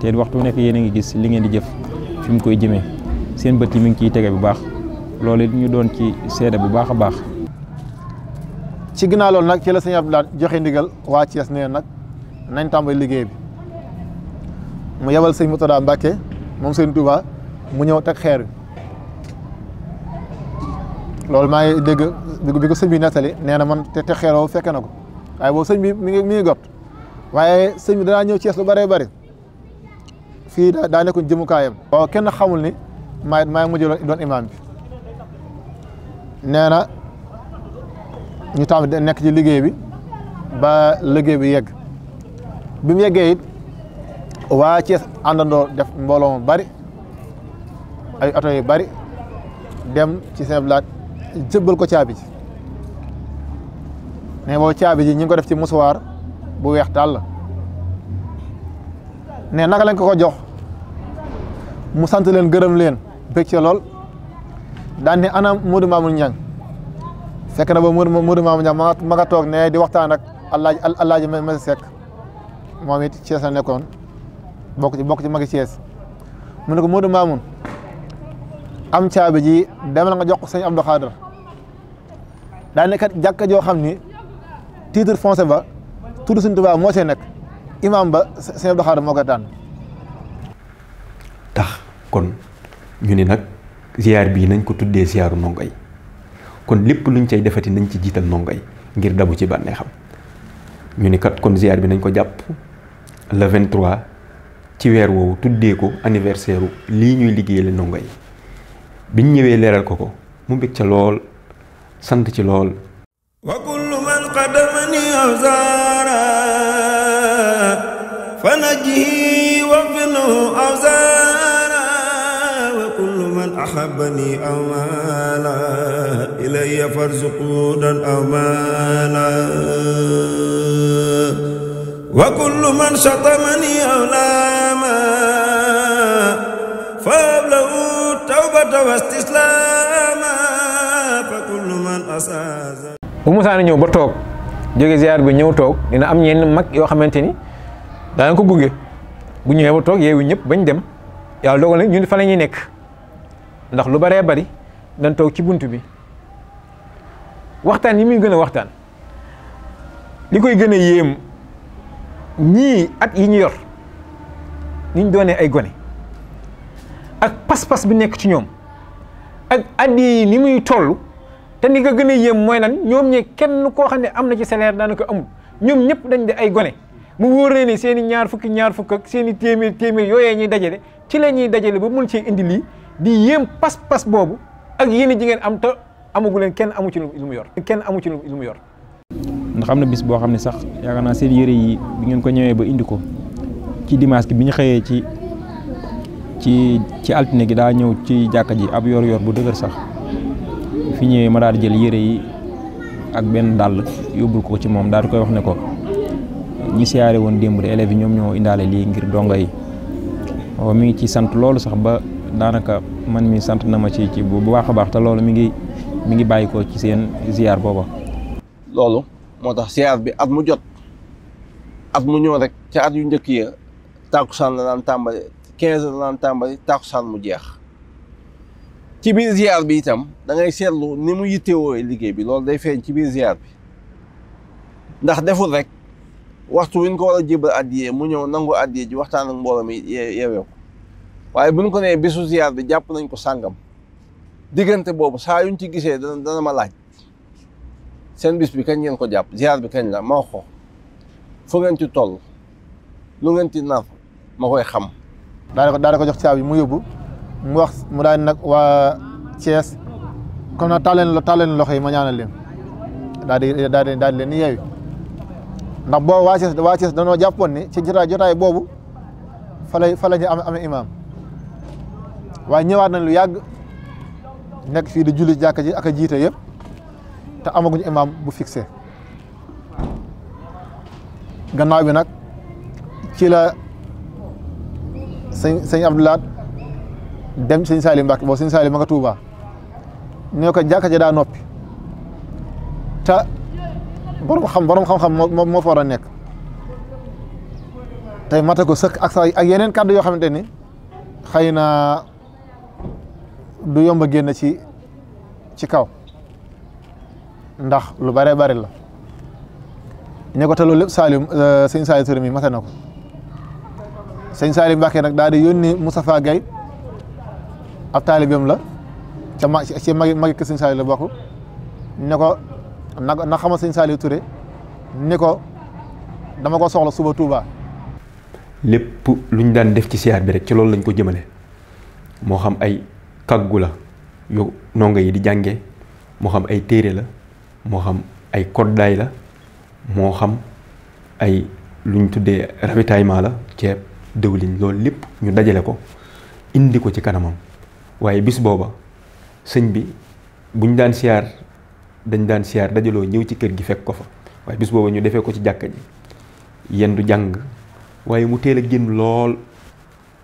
te waxtu nekk yéen a ngi gis li ngeen di jëf fi mu koy jëmee seen bët yi mi ngi ciy tege bu baax loolu it doon ci seede bu baax a baax. ci ginnaaw loolu nag ci la sëñ Abdoulaye joxe ndigal waa Thiès nee nag nañ tàmbali liggéey bi mu yebal sëñ Mourtada Mbacke moom sëñ Touba mu ñëw teg xeer loolu maa ngi dégg bi ko sëñ bi nee na man te te xeeroo fekke na ko waaye boobu sëñ bi mi ngi mi ngi waaye sëñ bi danaa ñëw Cees lu bëree bëri fii daa nekkoon jëmukaayam waaw kenn xamul ni maa maa ngi mujj doon imaam bi nee na ñu tam nekk ci liggéey bi ba liggéey bi yegg bi mu yeggee waa Cees àndandoo def mbooloo mu bari ay oto yu bari dem ci seen laaj jëbbal ko caabi ji ne boobu caabi ji ñu ngi ko def ci musuwaar bu weex tàll ne naka lañ ko ko jox mu sant leen gërëm leen bég ca lool daan ne ana Modou Mamoune Niang fekk na ba Modou Mamoune Niang ma toog ne di waxtaan ak Alaaji allaaj Masi Sekk moom it Cees la nekkoon bokk ci bokk ci magi Cees mun ne ko Modou Mamoune am caabi ji demal nga jox ko sëñ Abdou Khader daane jàkka joo xam ni titre foncier ba tudd sëñ Tuubaa moo see nekk imaam ba sëñ Abdou moo koy tànn tax kon ñu ni nag ziar bii nañ ko tuddee ziyaaru ndongo yi kon lépp luñ cay defati nañ ci jiital ndongo yi ngir dabu ci bànneexam ñu ni kat kon ziar bi nañ ko jàpp le 23 ci weer woowu tuddee ko anniversaire lii ñuy liggéeyale ndongo yi biñ ñëwee leeral ko ko mu mbég ca lool sant ci lool wa kullu man qadamani awzaara fa najhi wa finu awzaara wa kullu man ahabbani aw maala ilayya farzuqudan aw maala wa kullu man shatamani aw laama bu a ñëw ba toog jóge ziar bi ñëw toog dina am ñenn mag yoo xamante ni daana ko gunge bu ñëwee ba toog yeewu ñëpp bañ dem yàlla dogal nag ñun fa la ñuy nekk ndax lu baree bari dañ toog ci bunt bi waxtaan yi muy gën waxtaan li koy gën a yéem ñii at yi ñu yor niñ doonee ay gone ak pas-pas bi nekk ci ñoom ak addi ni muy toll te ni nga gën yéem mooy lan ñoom ñee kenn nu koo xam ne am na ci salaire daanaka amul ñoom ñëpp dañ di ay gone mu wóoree ne seen i ñaar fukki ñaar fukk ak seen i téeméer téeméer yooyee ñuy dajale ci la ñuy dajale ba mun cee indi lii di yéem pas-pas boobu ak yéen ji ngeen am te amagu kenn amu ci lu mu yor kenn amu ci lu mu yor. ndax am na bis boo xam ne sax yaakaar naa seen yére yi bi ngeen ko ñëwee ba indi ko ci dimanche bi ñu xëyee ci. ci ci altine gi daa ñëw ci jàkka ji ab yor-yor bu dëgër sax fi ñëwee ma daal di jël yére yi ak benn dàll yóbbul ko ci moom daal di koy wax ne ko ñi siyaare woon démb de élèves yi ñoom ñoo indaale lii ngir donga yi waaw mi ngi ci sant loolu sax ba daanaka man mi sant na ma ci ci bu baax a baax te loolu mi ngi mi ngi bàyyi ko ci seen ziar booba. loolu moo tax ziar bi at mu jot at mu ñëw rek ca at yu njëkk ya tàkkusaan la daan tàmbale 15 heures daan tàmbali taakusaan mu jeex ci biir ziar bi itam da ngay seetlu ni mu yittewoo liggéey bi loolu day fee ci biir ziar bi ndax deful rek waxtu wi ñu ko war a jébal addiyee mu ñëw nangu addiyee ji waxtaan ak mbooloo mi ko waaye bu ñu ko nee bisu ziar bi jàpp nañ ko sàngam diggante boobu saa yuñ ci gisee dana dana ma laaj seen bis bi kañ ngeen ko jàpp ziar bi kañ la ma wax ko fu ngeen ci toll lu ngeen ci nar ma koy xam. daal di ko jox caabi mu yóbbu mu wax mu daal nag waa Thiès comme nag taal leen loxo yi ma ñaanal leen daal di leen ni yeewi ndax boobu waa Thiès waa Thiès danoo jàppoon ni ci jotaay boobu fa lay fa la ñu am amee imaam ñëwaat nañ lu yàgg nekk fii di julli jàkka ji ak a jiite yëpp te bu fixé gannaaw bi nag ci sëñ sëñ Abdou dem sëñ Salim Mbacke boobu sëñ Salim ma nga Touba ne ko jàkka ja daa noppi te borom xam borom xam moo moo war a nekk tey mate ko sëkk ak sa ak yeneen kàddu yoo xamante ni xëy na du yomb a génn ci ci kaw ndax lu bare bari la ne ko te loolu lépp Salim euh, sëñ Salim Touré mi mate ko. sëñ Saliou Mbacké nag daal di yónni Moustapha Gaye ab taalibeem la ca ma ci magi magi kër sëñ Saliou la bokk ne ko na na xamal sëñ Saliou ture ni ko dama ko soxla suba Touba. lépp lu ñu daan def ci siyaar bi rek ci loolu lañ ko jëmale moo xam ay kaggu la yu ndongo yi di jànge moo xam ay téere la moo xam ay koddaay la moo xam ay lu luñ tuddee ravitaillement la ceeb dëwlin loolu lépp ñu dajale ko indi ko ci kanamam waaye bis booba sëñ bi buñ daan siyaar dañ daan siyaar dajaloo ñëw ci kër gi fekk ko fa waaye bis booba ñu defee ko ci jàkka ji du jàng waaye mu teel a génn lool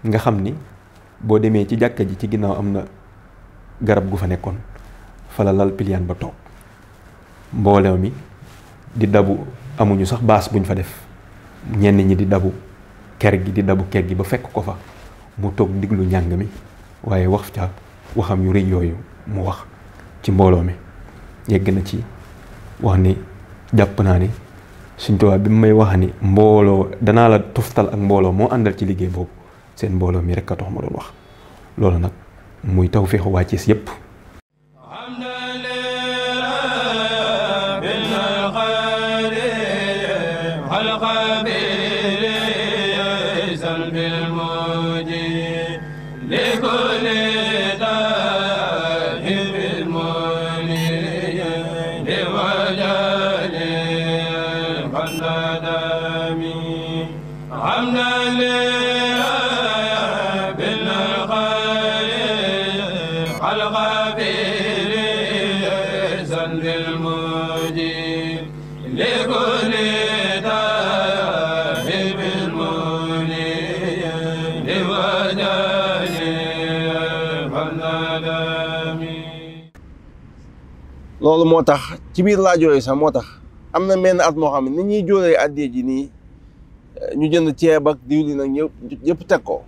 nga xam ni boo demee ci jàkka ji ci ginnaaw am na garab gu fa nekkoon fala piliyaan ba toog mbooloo mi di dabu amuñu sax baas buñ fa def ñenn ñi di dabu ker gi di dabu ker gi ba fekk ko fa mu toog diglu njàng mi waaye wax ca waxam yu rëy yooyu mu wax ci mbooloo mi yegg na ci wax ni jàpp naa ni Sëñ Tuubaa bi may wax ni mbooloo danaa la toftal ak mbooloo moo àndal ci liggéey boobu seen mbooloo mi rek a tox ma doon wax loolu nag muy taw feexu waa Cees yépp loolu moo tax ci biir laaj sax moo tax am na menn at moo xam ne ni ñuy jóoree addee ji nii eh, ñu jënd ceeb ak diwlin ak ñëpp yëpp teg ko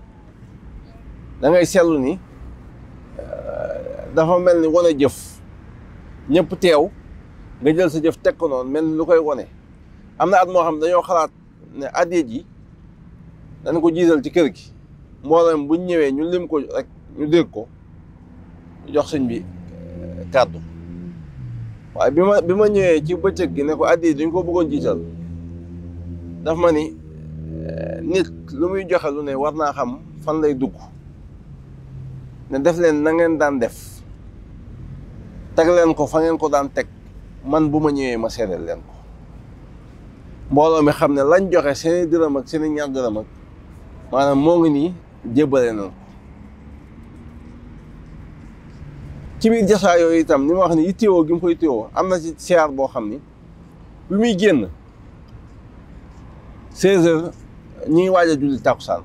dangay ngay seetlu ni eh, dafa mel ni wane jëf ñëpp teew nga jël sa jëf teg ko noonu mel ni lu koy wone am na at moo xam ne dañoo xalaat ne addee ji dañ ko jiisal ci kër gi mboolem bu ñëwee ñu lim ko rek ñu dégg ko jox sëñ bi eh, kàddu waaye bi ma bi ma ñëwee ci bëccëg gi ne ko addi duñ ko bëggoon jiital daf ma ni eh, nit lu muy joxe lu ne war naa xam fan lay dugg ne def leen na ngeen daan def teg leen ko fa ngeen ko daan teg man bu ma ñëwee ma seedeel leen ko mbooloo mi xam ne lañ joxe seeni dërëm ak seeni ñaar dërëm ak maanaam moo ngi nii jébbale na ci biir jasaa yooyu itam ni mu wax ni yittewoo gi mu koy yittewoo am na si siyaar boo xam ni bi muy génn seize heures ñi ngi waaj a julli tàkkusaan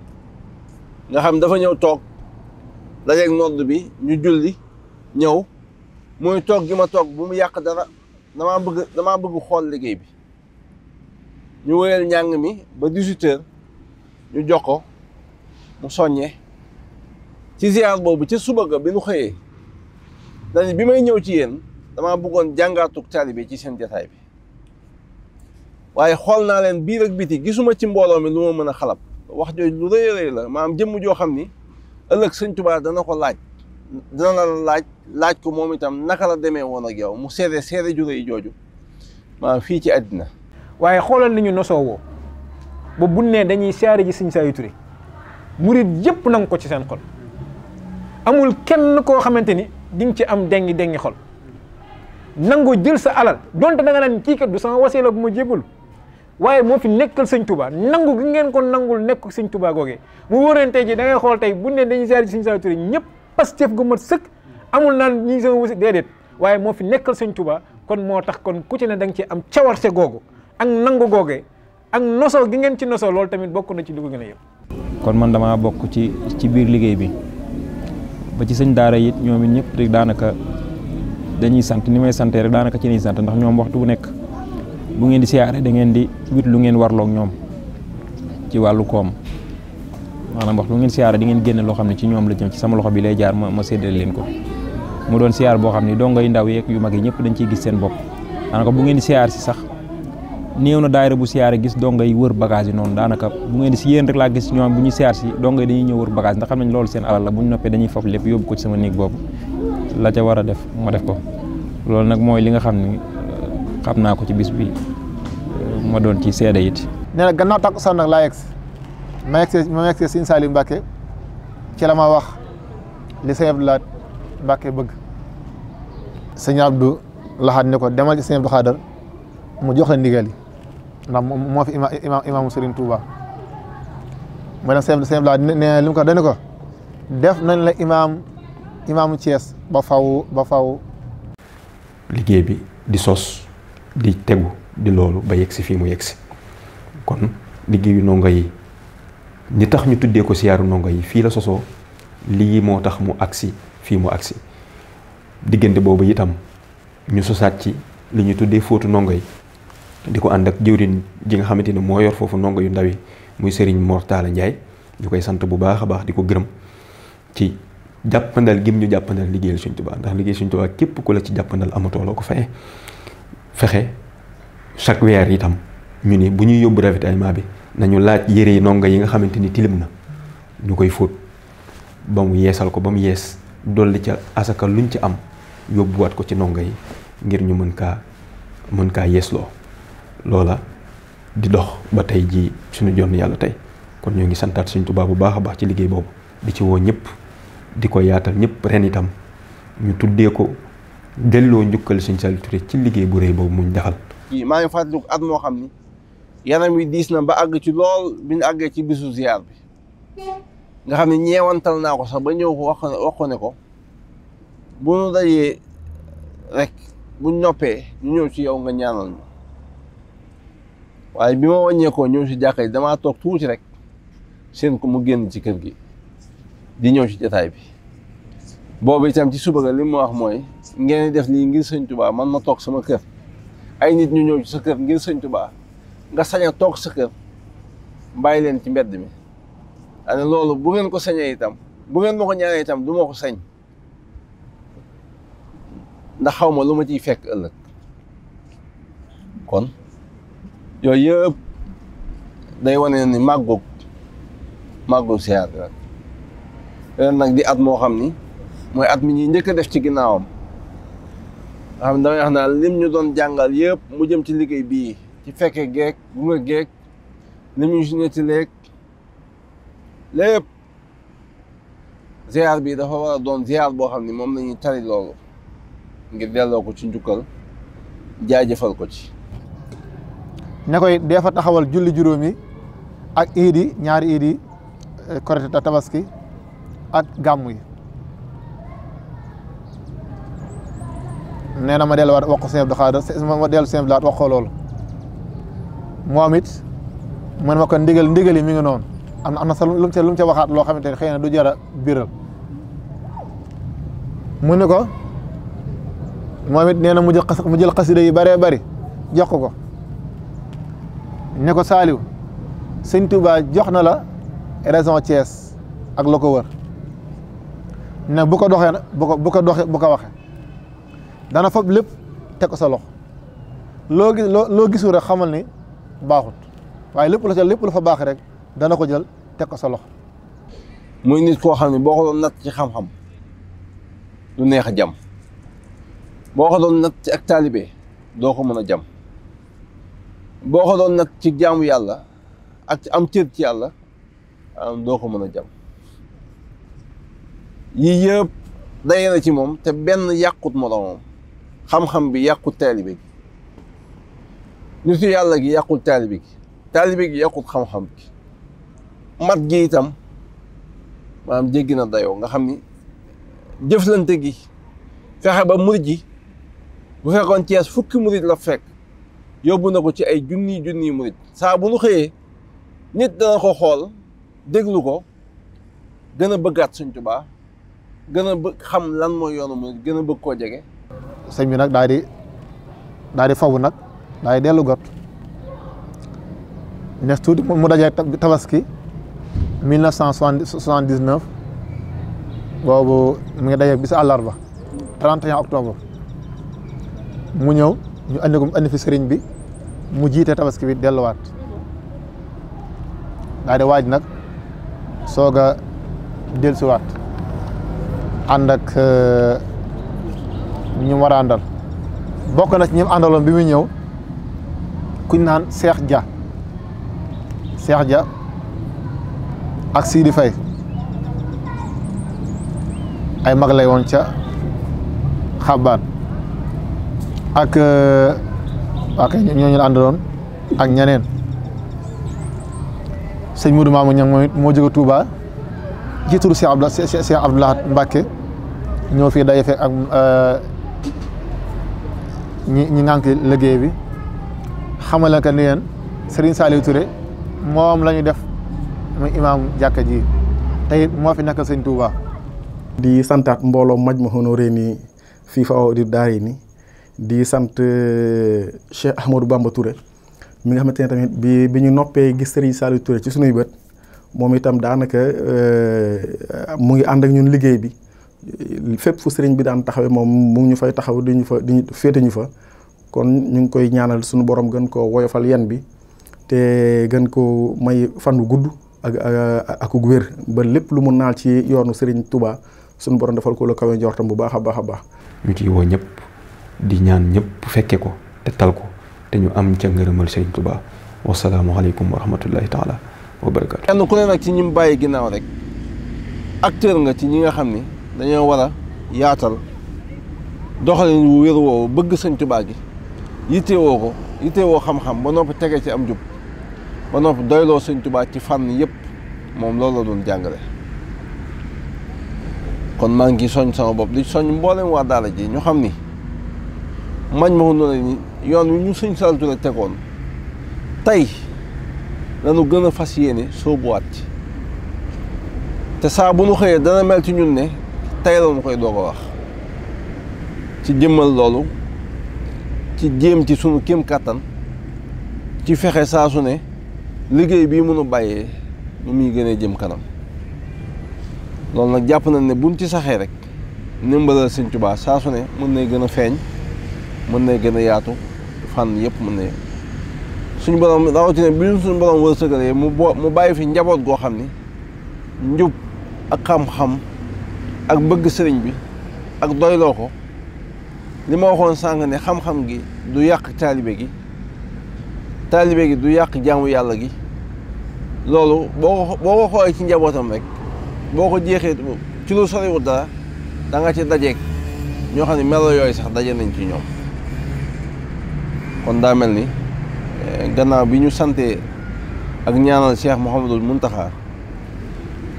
nga xam dafa ñëw toog dajeeg nodd bi ñu julli ñëw muy toog gi ma toog bu mu yàq dara dama bëgg damaa bëgg xool liggéey bi ñu wéyal njàng mi ba 18 ñu jox ko mu soññe ci ziar boobu ca suba ga bi nu xëyee dañ bi may ñëw ci yéen damaa bëggoon jàngaatug taalibe ci seen jataay bi waaye xool naa leen biir ak biti gisuma ci mbooloo mi lu ma mën a xalab wax jooju lu rëy rëy la maam jëmm joo xam ni ëllëg sëñ Tuubaa dana ko laaj dana la laaj laaj ko moom itam naka la demee woon ak yow mu seere seere ju rëy jooju maam fii ci àddina waaye xoolal nañu nosoo ba bu ne dañuy seere ji sëñ Saliou Touré murit yépp nangu ko ci seen xol amul kenn koo xamante ni di nga ci am dengi dengi xol nangu jël sa alal donte da nga naan kii kat du sama wasila bu ma jébul waaye moo fi nekkal sëñ Touba nangu gi ngeen ko nangul nekk sëñ Touba googee mu wóoreen tey ji da ngay xool tey bu ne dañuy ziar sëñ Saliou Touré ñëpp Pastef gu mat sëkk amul naan ñi sama wasi déedéet waaye moo fi nekkal sëñ Touba kon moo tax kon ku ci ne da nga ci am cawarte googu ak nangu googe ak nosoo gi ngeen ci nosoo loolu tamit bokk na ci li ko gën a kon man damaa bokk ci ci biir liggéey bi ba ci sëñ daara it ñoom it ñëpp rek daanaka dañuy sant ni may santee rek daanaka ci ñuy sant ndax ñoom waxtu bu nekk bu ngeen di siyaare da ngeen di wit lu ngeen warloog ñoom ci wàllu koom maanaam waxtu bu ngeen siyaare di ngeen génn loo xam ne ci ñoom la jëm ci sama loxo bi lay jaar ma ma séddale leen ko mu doon siyaar boo xam ne dongay ndaw yeeg yu mag yi ñëpp dañ ciy gis seen bopp daanaka bu ngeen di siyaar si sax néew na daayira bu siyaare gis dongay wër bagage yi noonu daanaka bu ngeen di si yéen rek laa gis ñoom bu ñu siyaar si dongay dañuy ñëw wër bagage ndax xam nañ loolu seen alal la bu ñu noppee dañuy fab lépp yóbbu ko ci sama néeg boobu la ca war a def ma def ko loolu nag mooy li nga xam ni euh, xam naa ko ci bis bi euh, ma doon ci seede it. nee na gannaaw takkusaan nag laa yegg si ma yegg see ma yegg see Sëñ ci la ma wax li sëñ Abdou Lahat Mbacke bëgg sëñ Abdou ne ko demal ci sëñ Abdou jox la ndax moo fi ima ima imaamu Serigne Touba mooy nag sëñ Bla nee li ko dani ko def nañ la imaam imaamu cees ba faw ba faw liggéey bi di sos di tegu di loolu ba yegg si fii mu yegg si kon liggéeyu ndongo yi ni tax ñu tuddee ko siyaaru ndongo yi fii la sosoo lii moo tax mu agsi fii mu agsi diggante boobu itam ñu sosaat ci li ñu tuddee fóotu ndongo yi di ko ànd ak jëwrin ji nga xamante ni moo yor foofu ndongo yu ndaw yi muy Serigne Mor Talla Ndiaye ñu koy sant bu baax a baax di ko gërëm ci jàppandal gim ñu jàppandal liggéeyal Sëriñ Tuubaa ndax liggéey Sëriñ Tuubaa képp ku la ci jàppandal amatoo la ko fayee fexe chaque weer itam ñu ni bu ñuy yóbbu ravitaillement bi nañu laaj yére yi ndongo yi nga xamante ni tilim na ñu koy fóot ba mu yeesal ko ba mu yees dolli ca asaka luñ ci am yóbbuwaat ko ci ndongo yi ngir ñu mën kaa mën kaa yeesloo loola di dox ba tey jii suñu jonn yàlla tey kon ñoo ngi santaat suñ Tuubaa bu baax a baax ci liggéey boobu di ci woo ñëpp di ko yaatal ñëpp ren itam ñu tuddee ko delloo njukkal suñ Saliou Touré ci liggéey bu rëy boobu muñ defal. maa ngi fàttaliku at moo xam ni yaram wi diis na ba àgg ci lool bi ñu àggee ci bisu ziar bi nga xam ne ñeewantal naa ko sax ba ñëw ko wax wax ko ne ko bu nu dajee rek bu noppee ñu ñëw ci yow nga ñaanal ñu. waaye bi ma wàññeekoo ñëw si jàkka damaa toog tuuti rek seen ko mu génn ci kër gi di ñëw ci jataay bi boobu itam ci suba ga lim mu wax mooy ngeen def lii ngir sëñ tubaa man ma toog sama kër ay nit ñu ñëw ci sa kër ngir sëñ baa nga sañ a toog sa kër bàyyi leen ci mbedd mi ane loolu bu ngeen ko sañee itam bu ngeen ma ko ñaanee itam du ma ko sañ ndax xaw ma lu ma ciy fekk ëllëg kon yooyu yëpp day wane ni màggug màggug siyaar bi nag ren nag di at moo xam ni mooy at mi ñuy njëkk a def ci ginnaawam nga xam ne damay naa lim ñu doon jàngal yëpp mu jëm ci liggéey bii ci fekke geek bu nga geek lim ñu si ñetti léeg lépp ziar bi dafa war doon ziar boo xam ne moom la ñuy tari loolu ngir delloo ko ci njukkal jaajëfal ko ci ne koy dee fa taxawal julli juróomi ak iid yi ñaari iid yi eh, tabaski ak gàmmu yi nee na ma delluwaat wax ko sëñ Abdou Khadre ma dellu sëñ Abdou Lahat loolu moom it man ma ko ndigal ndigal yi mi ngi noonu am na am na sa lu mu ca waxaat loo xamante ne xëy na du jara biral mu ne ko moom it nee na mu jël xas mu jël xasida yi bëree bëri jox ko ne ko Saliou sëñ Touba jox na la raison Thiès ak la ko wër ne bu ko doxee nag bu ko bu ko doxee bu ko waxee dana fob lépp teg ko sa loxo loo gis loo loo gisul rek xamal ni baaxut waaye lépp la lépp la fa baax rek dana ko jël teg ko sa loxo. muy nit koo xam ne boo ko doon natt ci xam-xam du neex a jam boo ko doon natt ci ak taalibe doo ko mën a jam. boo xoloon nag ci jaamu yàlla ak ci am cër ci yàlla doo ko mën a jam yii yëpp daye ci moom te benn yàqut moroomam xam-xam bi yàqut taalibe gi nitu yàlla gi yàqut taalibe gi taalibe gi yàqut xam-xam mat gi itam maanaam dayo na dayoo nga xam ni jëflante gi fexe ba murid ji bu fekkoon Cees fukki murid la fekk yóbbu na ko ci ay junniy junniy murit saa bu nu xëyee nit dana ko xool déglu ko gën a bëggaat Sëñ Tuubaa gën a bëgg xam lan mooy yoonu murit gën a bëgg koo jege. sëñ bi nag daal di daal nag daal di dellu got nes tuuti mu dajee tabaski mille neuf cent soixante dix boobu mu ngi dajee bis àllarba 31 octobre mu ñëw ñu andi ko andi fi sëriñ bi mu jiite tabaski bi delluwaat daal di waaj nag soog a dellusiwaat ànd ak euh, ñu war a àndal bokk na ci ñi àndaloon bi muy ñëw kuñ naan Cheikh ja Cheikh ja ak Sidi Faye ay mag lay woon ca xabaan ak euh, waa kay ñooñu la àndaloon ak ñeneen sëñ Modou Mamoun Niang moom moo jóge Touba ci turu Cheikh Abdou Cheikh ñoo fii daje fekk ak euh, ñi ñi ngànk liggéey bi xamal la que ni leen Serigne moom la def muy imaam jàkka ji tey moo fi naka sëñ Touba. di santaat mbooloo Majmahun Nurayni fii fa aw di daari di sant eh, Cheikh Ahmadou Bamba Touré mi nga xamante ne tamit bi bi ñu noppee gis Serigne Saliou Touré ci sunuy bët moom itam daanaka eh, mu ngi ànd ak ñun liggéey bi fépp fu Serigne bi daan taxawee moom mu ñu fay taxaw di ñu fa di féete fa kon ñu ngi koy ñaanal suñu borom gën koo woyofal yen bi te gën ko may fan wu gudd ak ak wér ba lépp lu mu naal ci yoonu Serigne Touba sunu borom defal ko la kawe njortam bu baax a baax a baax. ñu ciy woo ñëpp. di ñaan ñëpp fekke ko te tal ko te ñu am ca ngërëmal Sëriñ Tuubaa wasalaamualeykum wa rahmatullahi taala wa barakaatu. kenn ku ne nag ci ñi mu bàyyi ginnaaw rek acteur nga ci ñi nga xam ni dañoo war a yaatal doxalin wu wér woowu bëgg Sëriñ Tuubaa gi yittewoo ko yittewoo xam-xam ba noppi tege ci am jub ba noppi doyloo Sëriñ Tuubaa ci fànn yépp moom loolu la doon jàngale. kon maa ngi soñ sama bopp di soñ mboolem waa daara ji ñu xam ni. mañ ma na ni yoon wi ñu suñ saltu rek tegoon tey lañu gën a fas yéene sóobuwaat ci te saa bu nu xëyee dana mel ci ñun ne tey la ñu koy doog a wax ci jëmmal loolu ci jéem ci sunu kéem kàttan ci fexe saa su ne liggéey bii mënu bàyyee nu muy gën a jëm kanam loolu nag jàpp nañ ne buñ ci saxee rek ndimbalal Sëñ Tuubaa saa su ne mën nay gën a feeñ mën na gën a yaatu fànn yëpp mën na suñu borom rawatina bi ñu suñu borom wërsëgalee mu bo mu bàyyi fi njaboot goo xam ni njub ak xam-xam ak bëgg sëriñ bi ak doyloo ko li ma waxoon sàng ne xam-xam gi du yàq taalibe gi taalibee gi du yàq jaamu yàlla gi loolu boo ko boo ko ci njabootam rek boo ko jeexee ci lu soriwul dara da nga ci dajeeg ñoo xam ne melo yooyu sax daje nañ ci ñoom. kon daa mel ni eh, gannaaw bi ñu sante ak ñaanal Cheikh Mouhamadul Muntaxa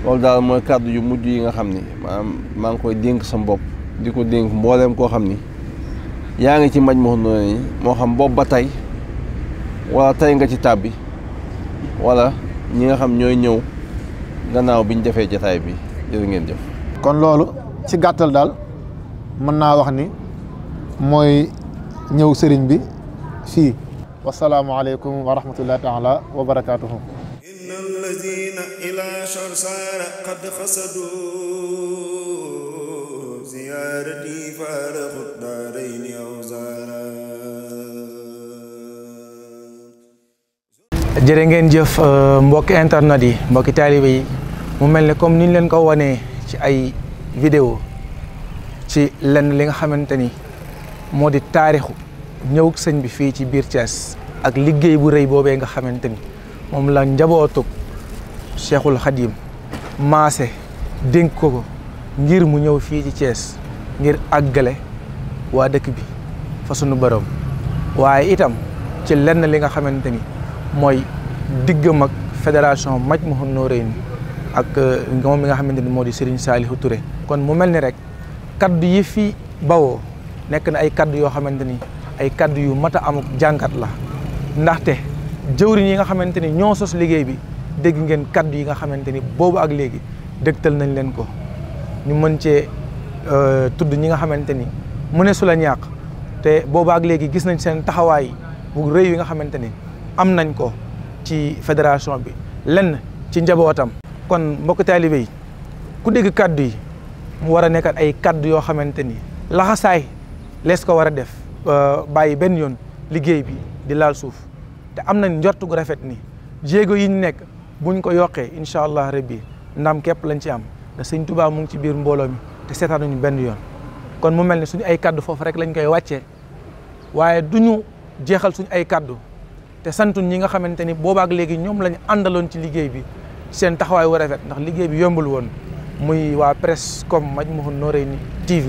loolu daal mooy kàddu yu mujj yi nga xam ni maanaam maa ngi koy dénk sa mbopp di ko dénk mbooleem koo xam ni yaa ngi ci maj ma noonu moo xam bopp ba tey wala tey nga ci bi wala ñi nga xam ñooy ñëw gannaaw biñ defee jataay bi jërë ngeen jëf kon loolu ci gàttal daal mën naa wax ni mooy ñëw sëriñ bi fii wasalaamualeykum wa rahmatullahi taala wa barakaatuhu inna allazina ila sarsara qad xasadu ziyarati faaraxu daarayni aw zaara jërë ngeen jëf uh, mbokki internet yi mbokki taalibe yi mu mel ne comme niñ leen ko wanee ci ay vidéo ci lenn li nga xamante ni moo di taarixu ñëwug sëñ bi fii ci biir Thiès ak liggéey bu rëy boobee nga xamante ni moom la njabootug Cheikhul Khadim maase dénk ko ko ngir mu ñëw fii ci Thiès ngir àggale waa dëkk bi fa sunu borom waaye itam ci lenn li nga xamante ni mooy diggam ak fédération Majmahun Nurayni ak euh, moom bi nga xamante ni moo di Serigne Saliou ture kon mu mel ni rek kaddu yi fi bawoo nekk na ay kàddu yoo xamante ni ay kàddu yu mat a am jàngat la ndaxte jëwriñ yi nga xamante ni ñoo sos liggéey bi dégg ngeen kàddu yi nga xamante ni boobu ak léegi dégtal nañ leen ko ñu mën cee euh, tudd ñi nga xamante ni mu ne su la ñàkk te boobu ak léegi gis nañ seen taxawaay bu réew yi nga xamante ni am nañ ko ci fédération bi lenn ci njabootam. kon mbokk taalibe ku dégg kaddu yi mu war a nekkat ay kàddu yoo xamante ni laxasaay lees ko war a def. Euh, bàyyi benn yoon liggéey bi di laal suuf te am na njort gu rafet ni jéego yi ñu nekk buñ ko yokkee incha allah rabbi ndam képp lañ ci am te sëñ Tuubaa mu ngi ci biir mbooloo mi te seetaanuñu benn yoon kon mu mel ni suñu ay kaddu foofu rek lañ koy wàccee waaye du ñu jeexal suñu ay kaddu te santu ñi nga xamante ni boobaak léegi ñoom lañ àndaloon ci liggéey bi seen taxawaay wu rafet ndax liggéey bi yombul woon muy waa presse comme Majmahun Nurayni TV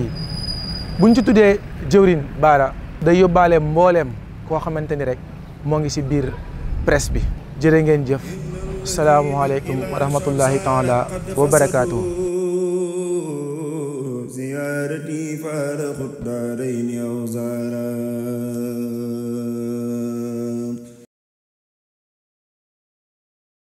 buñ ci tuddee jëwrin baara day yóbbaale mbooleem koo xamante ni rek moo ngi si biir presse bi jërë ngeen jëf salaamualeykum wa taala wa barakaatuhu زيارتي فارق الدارين أو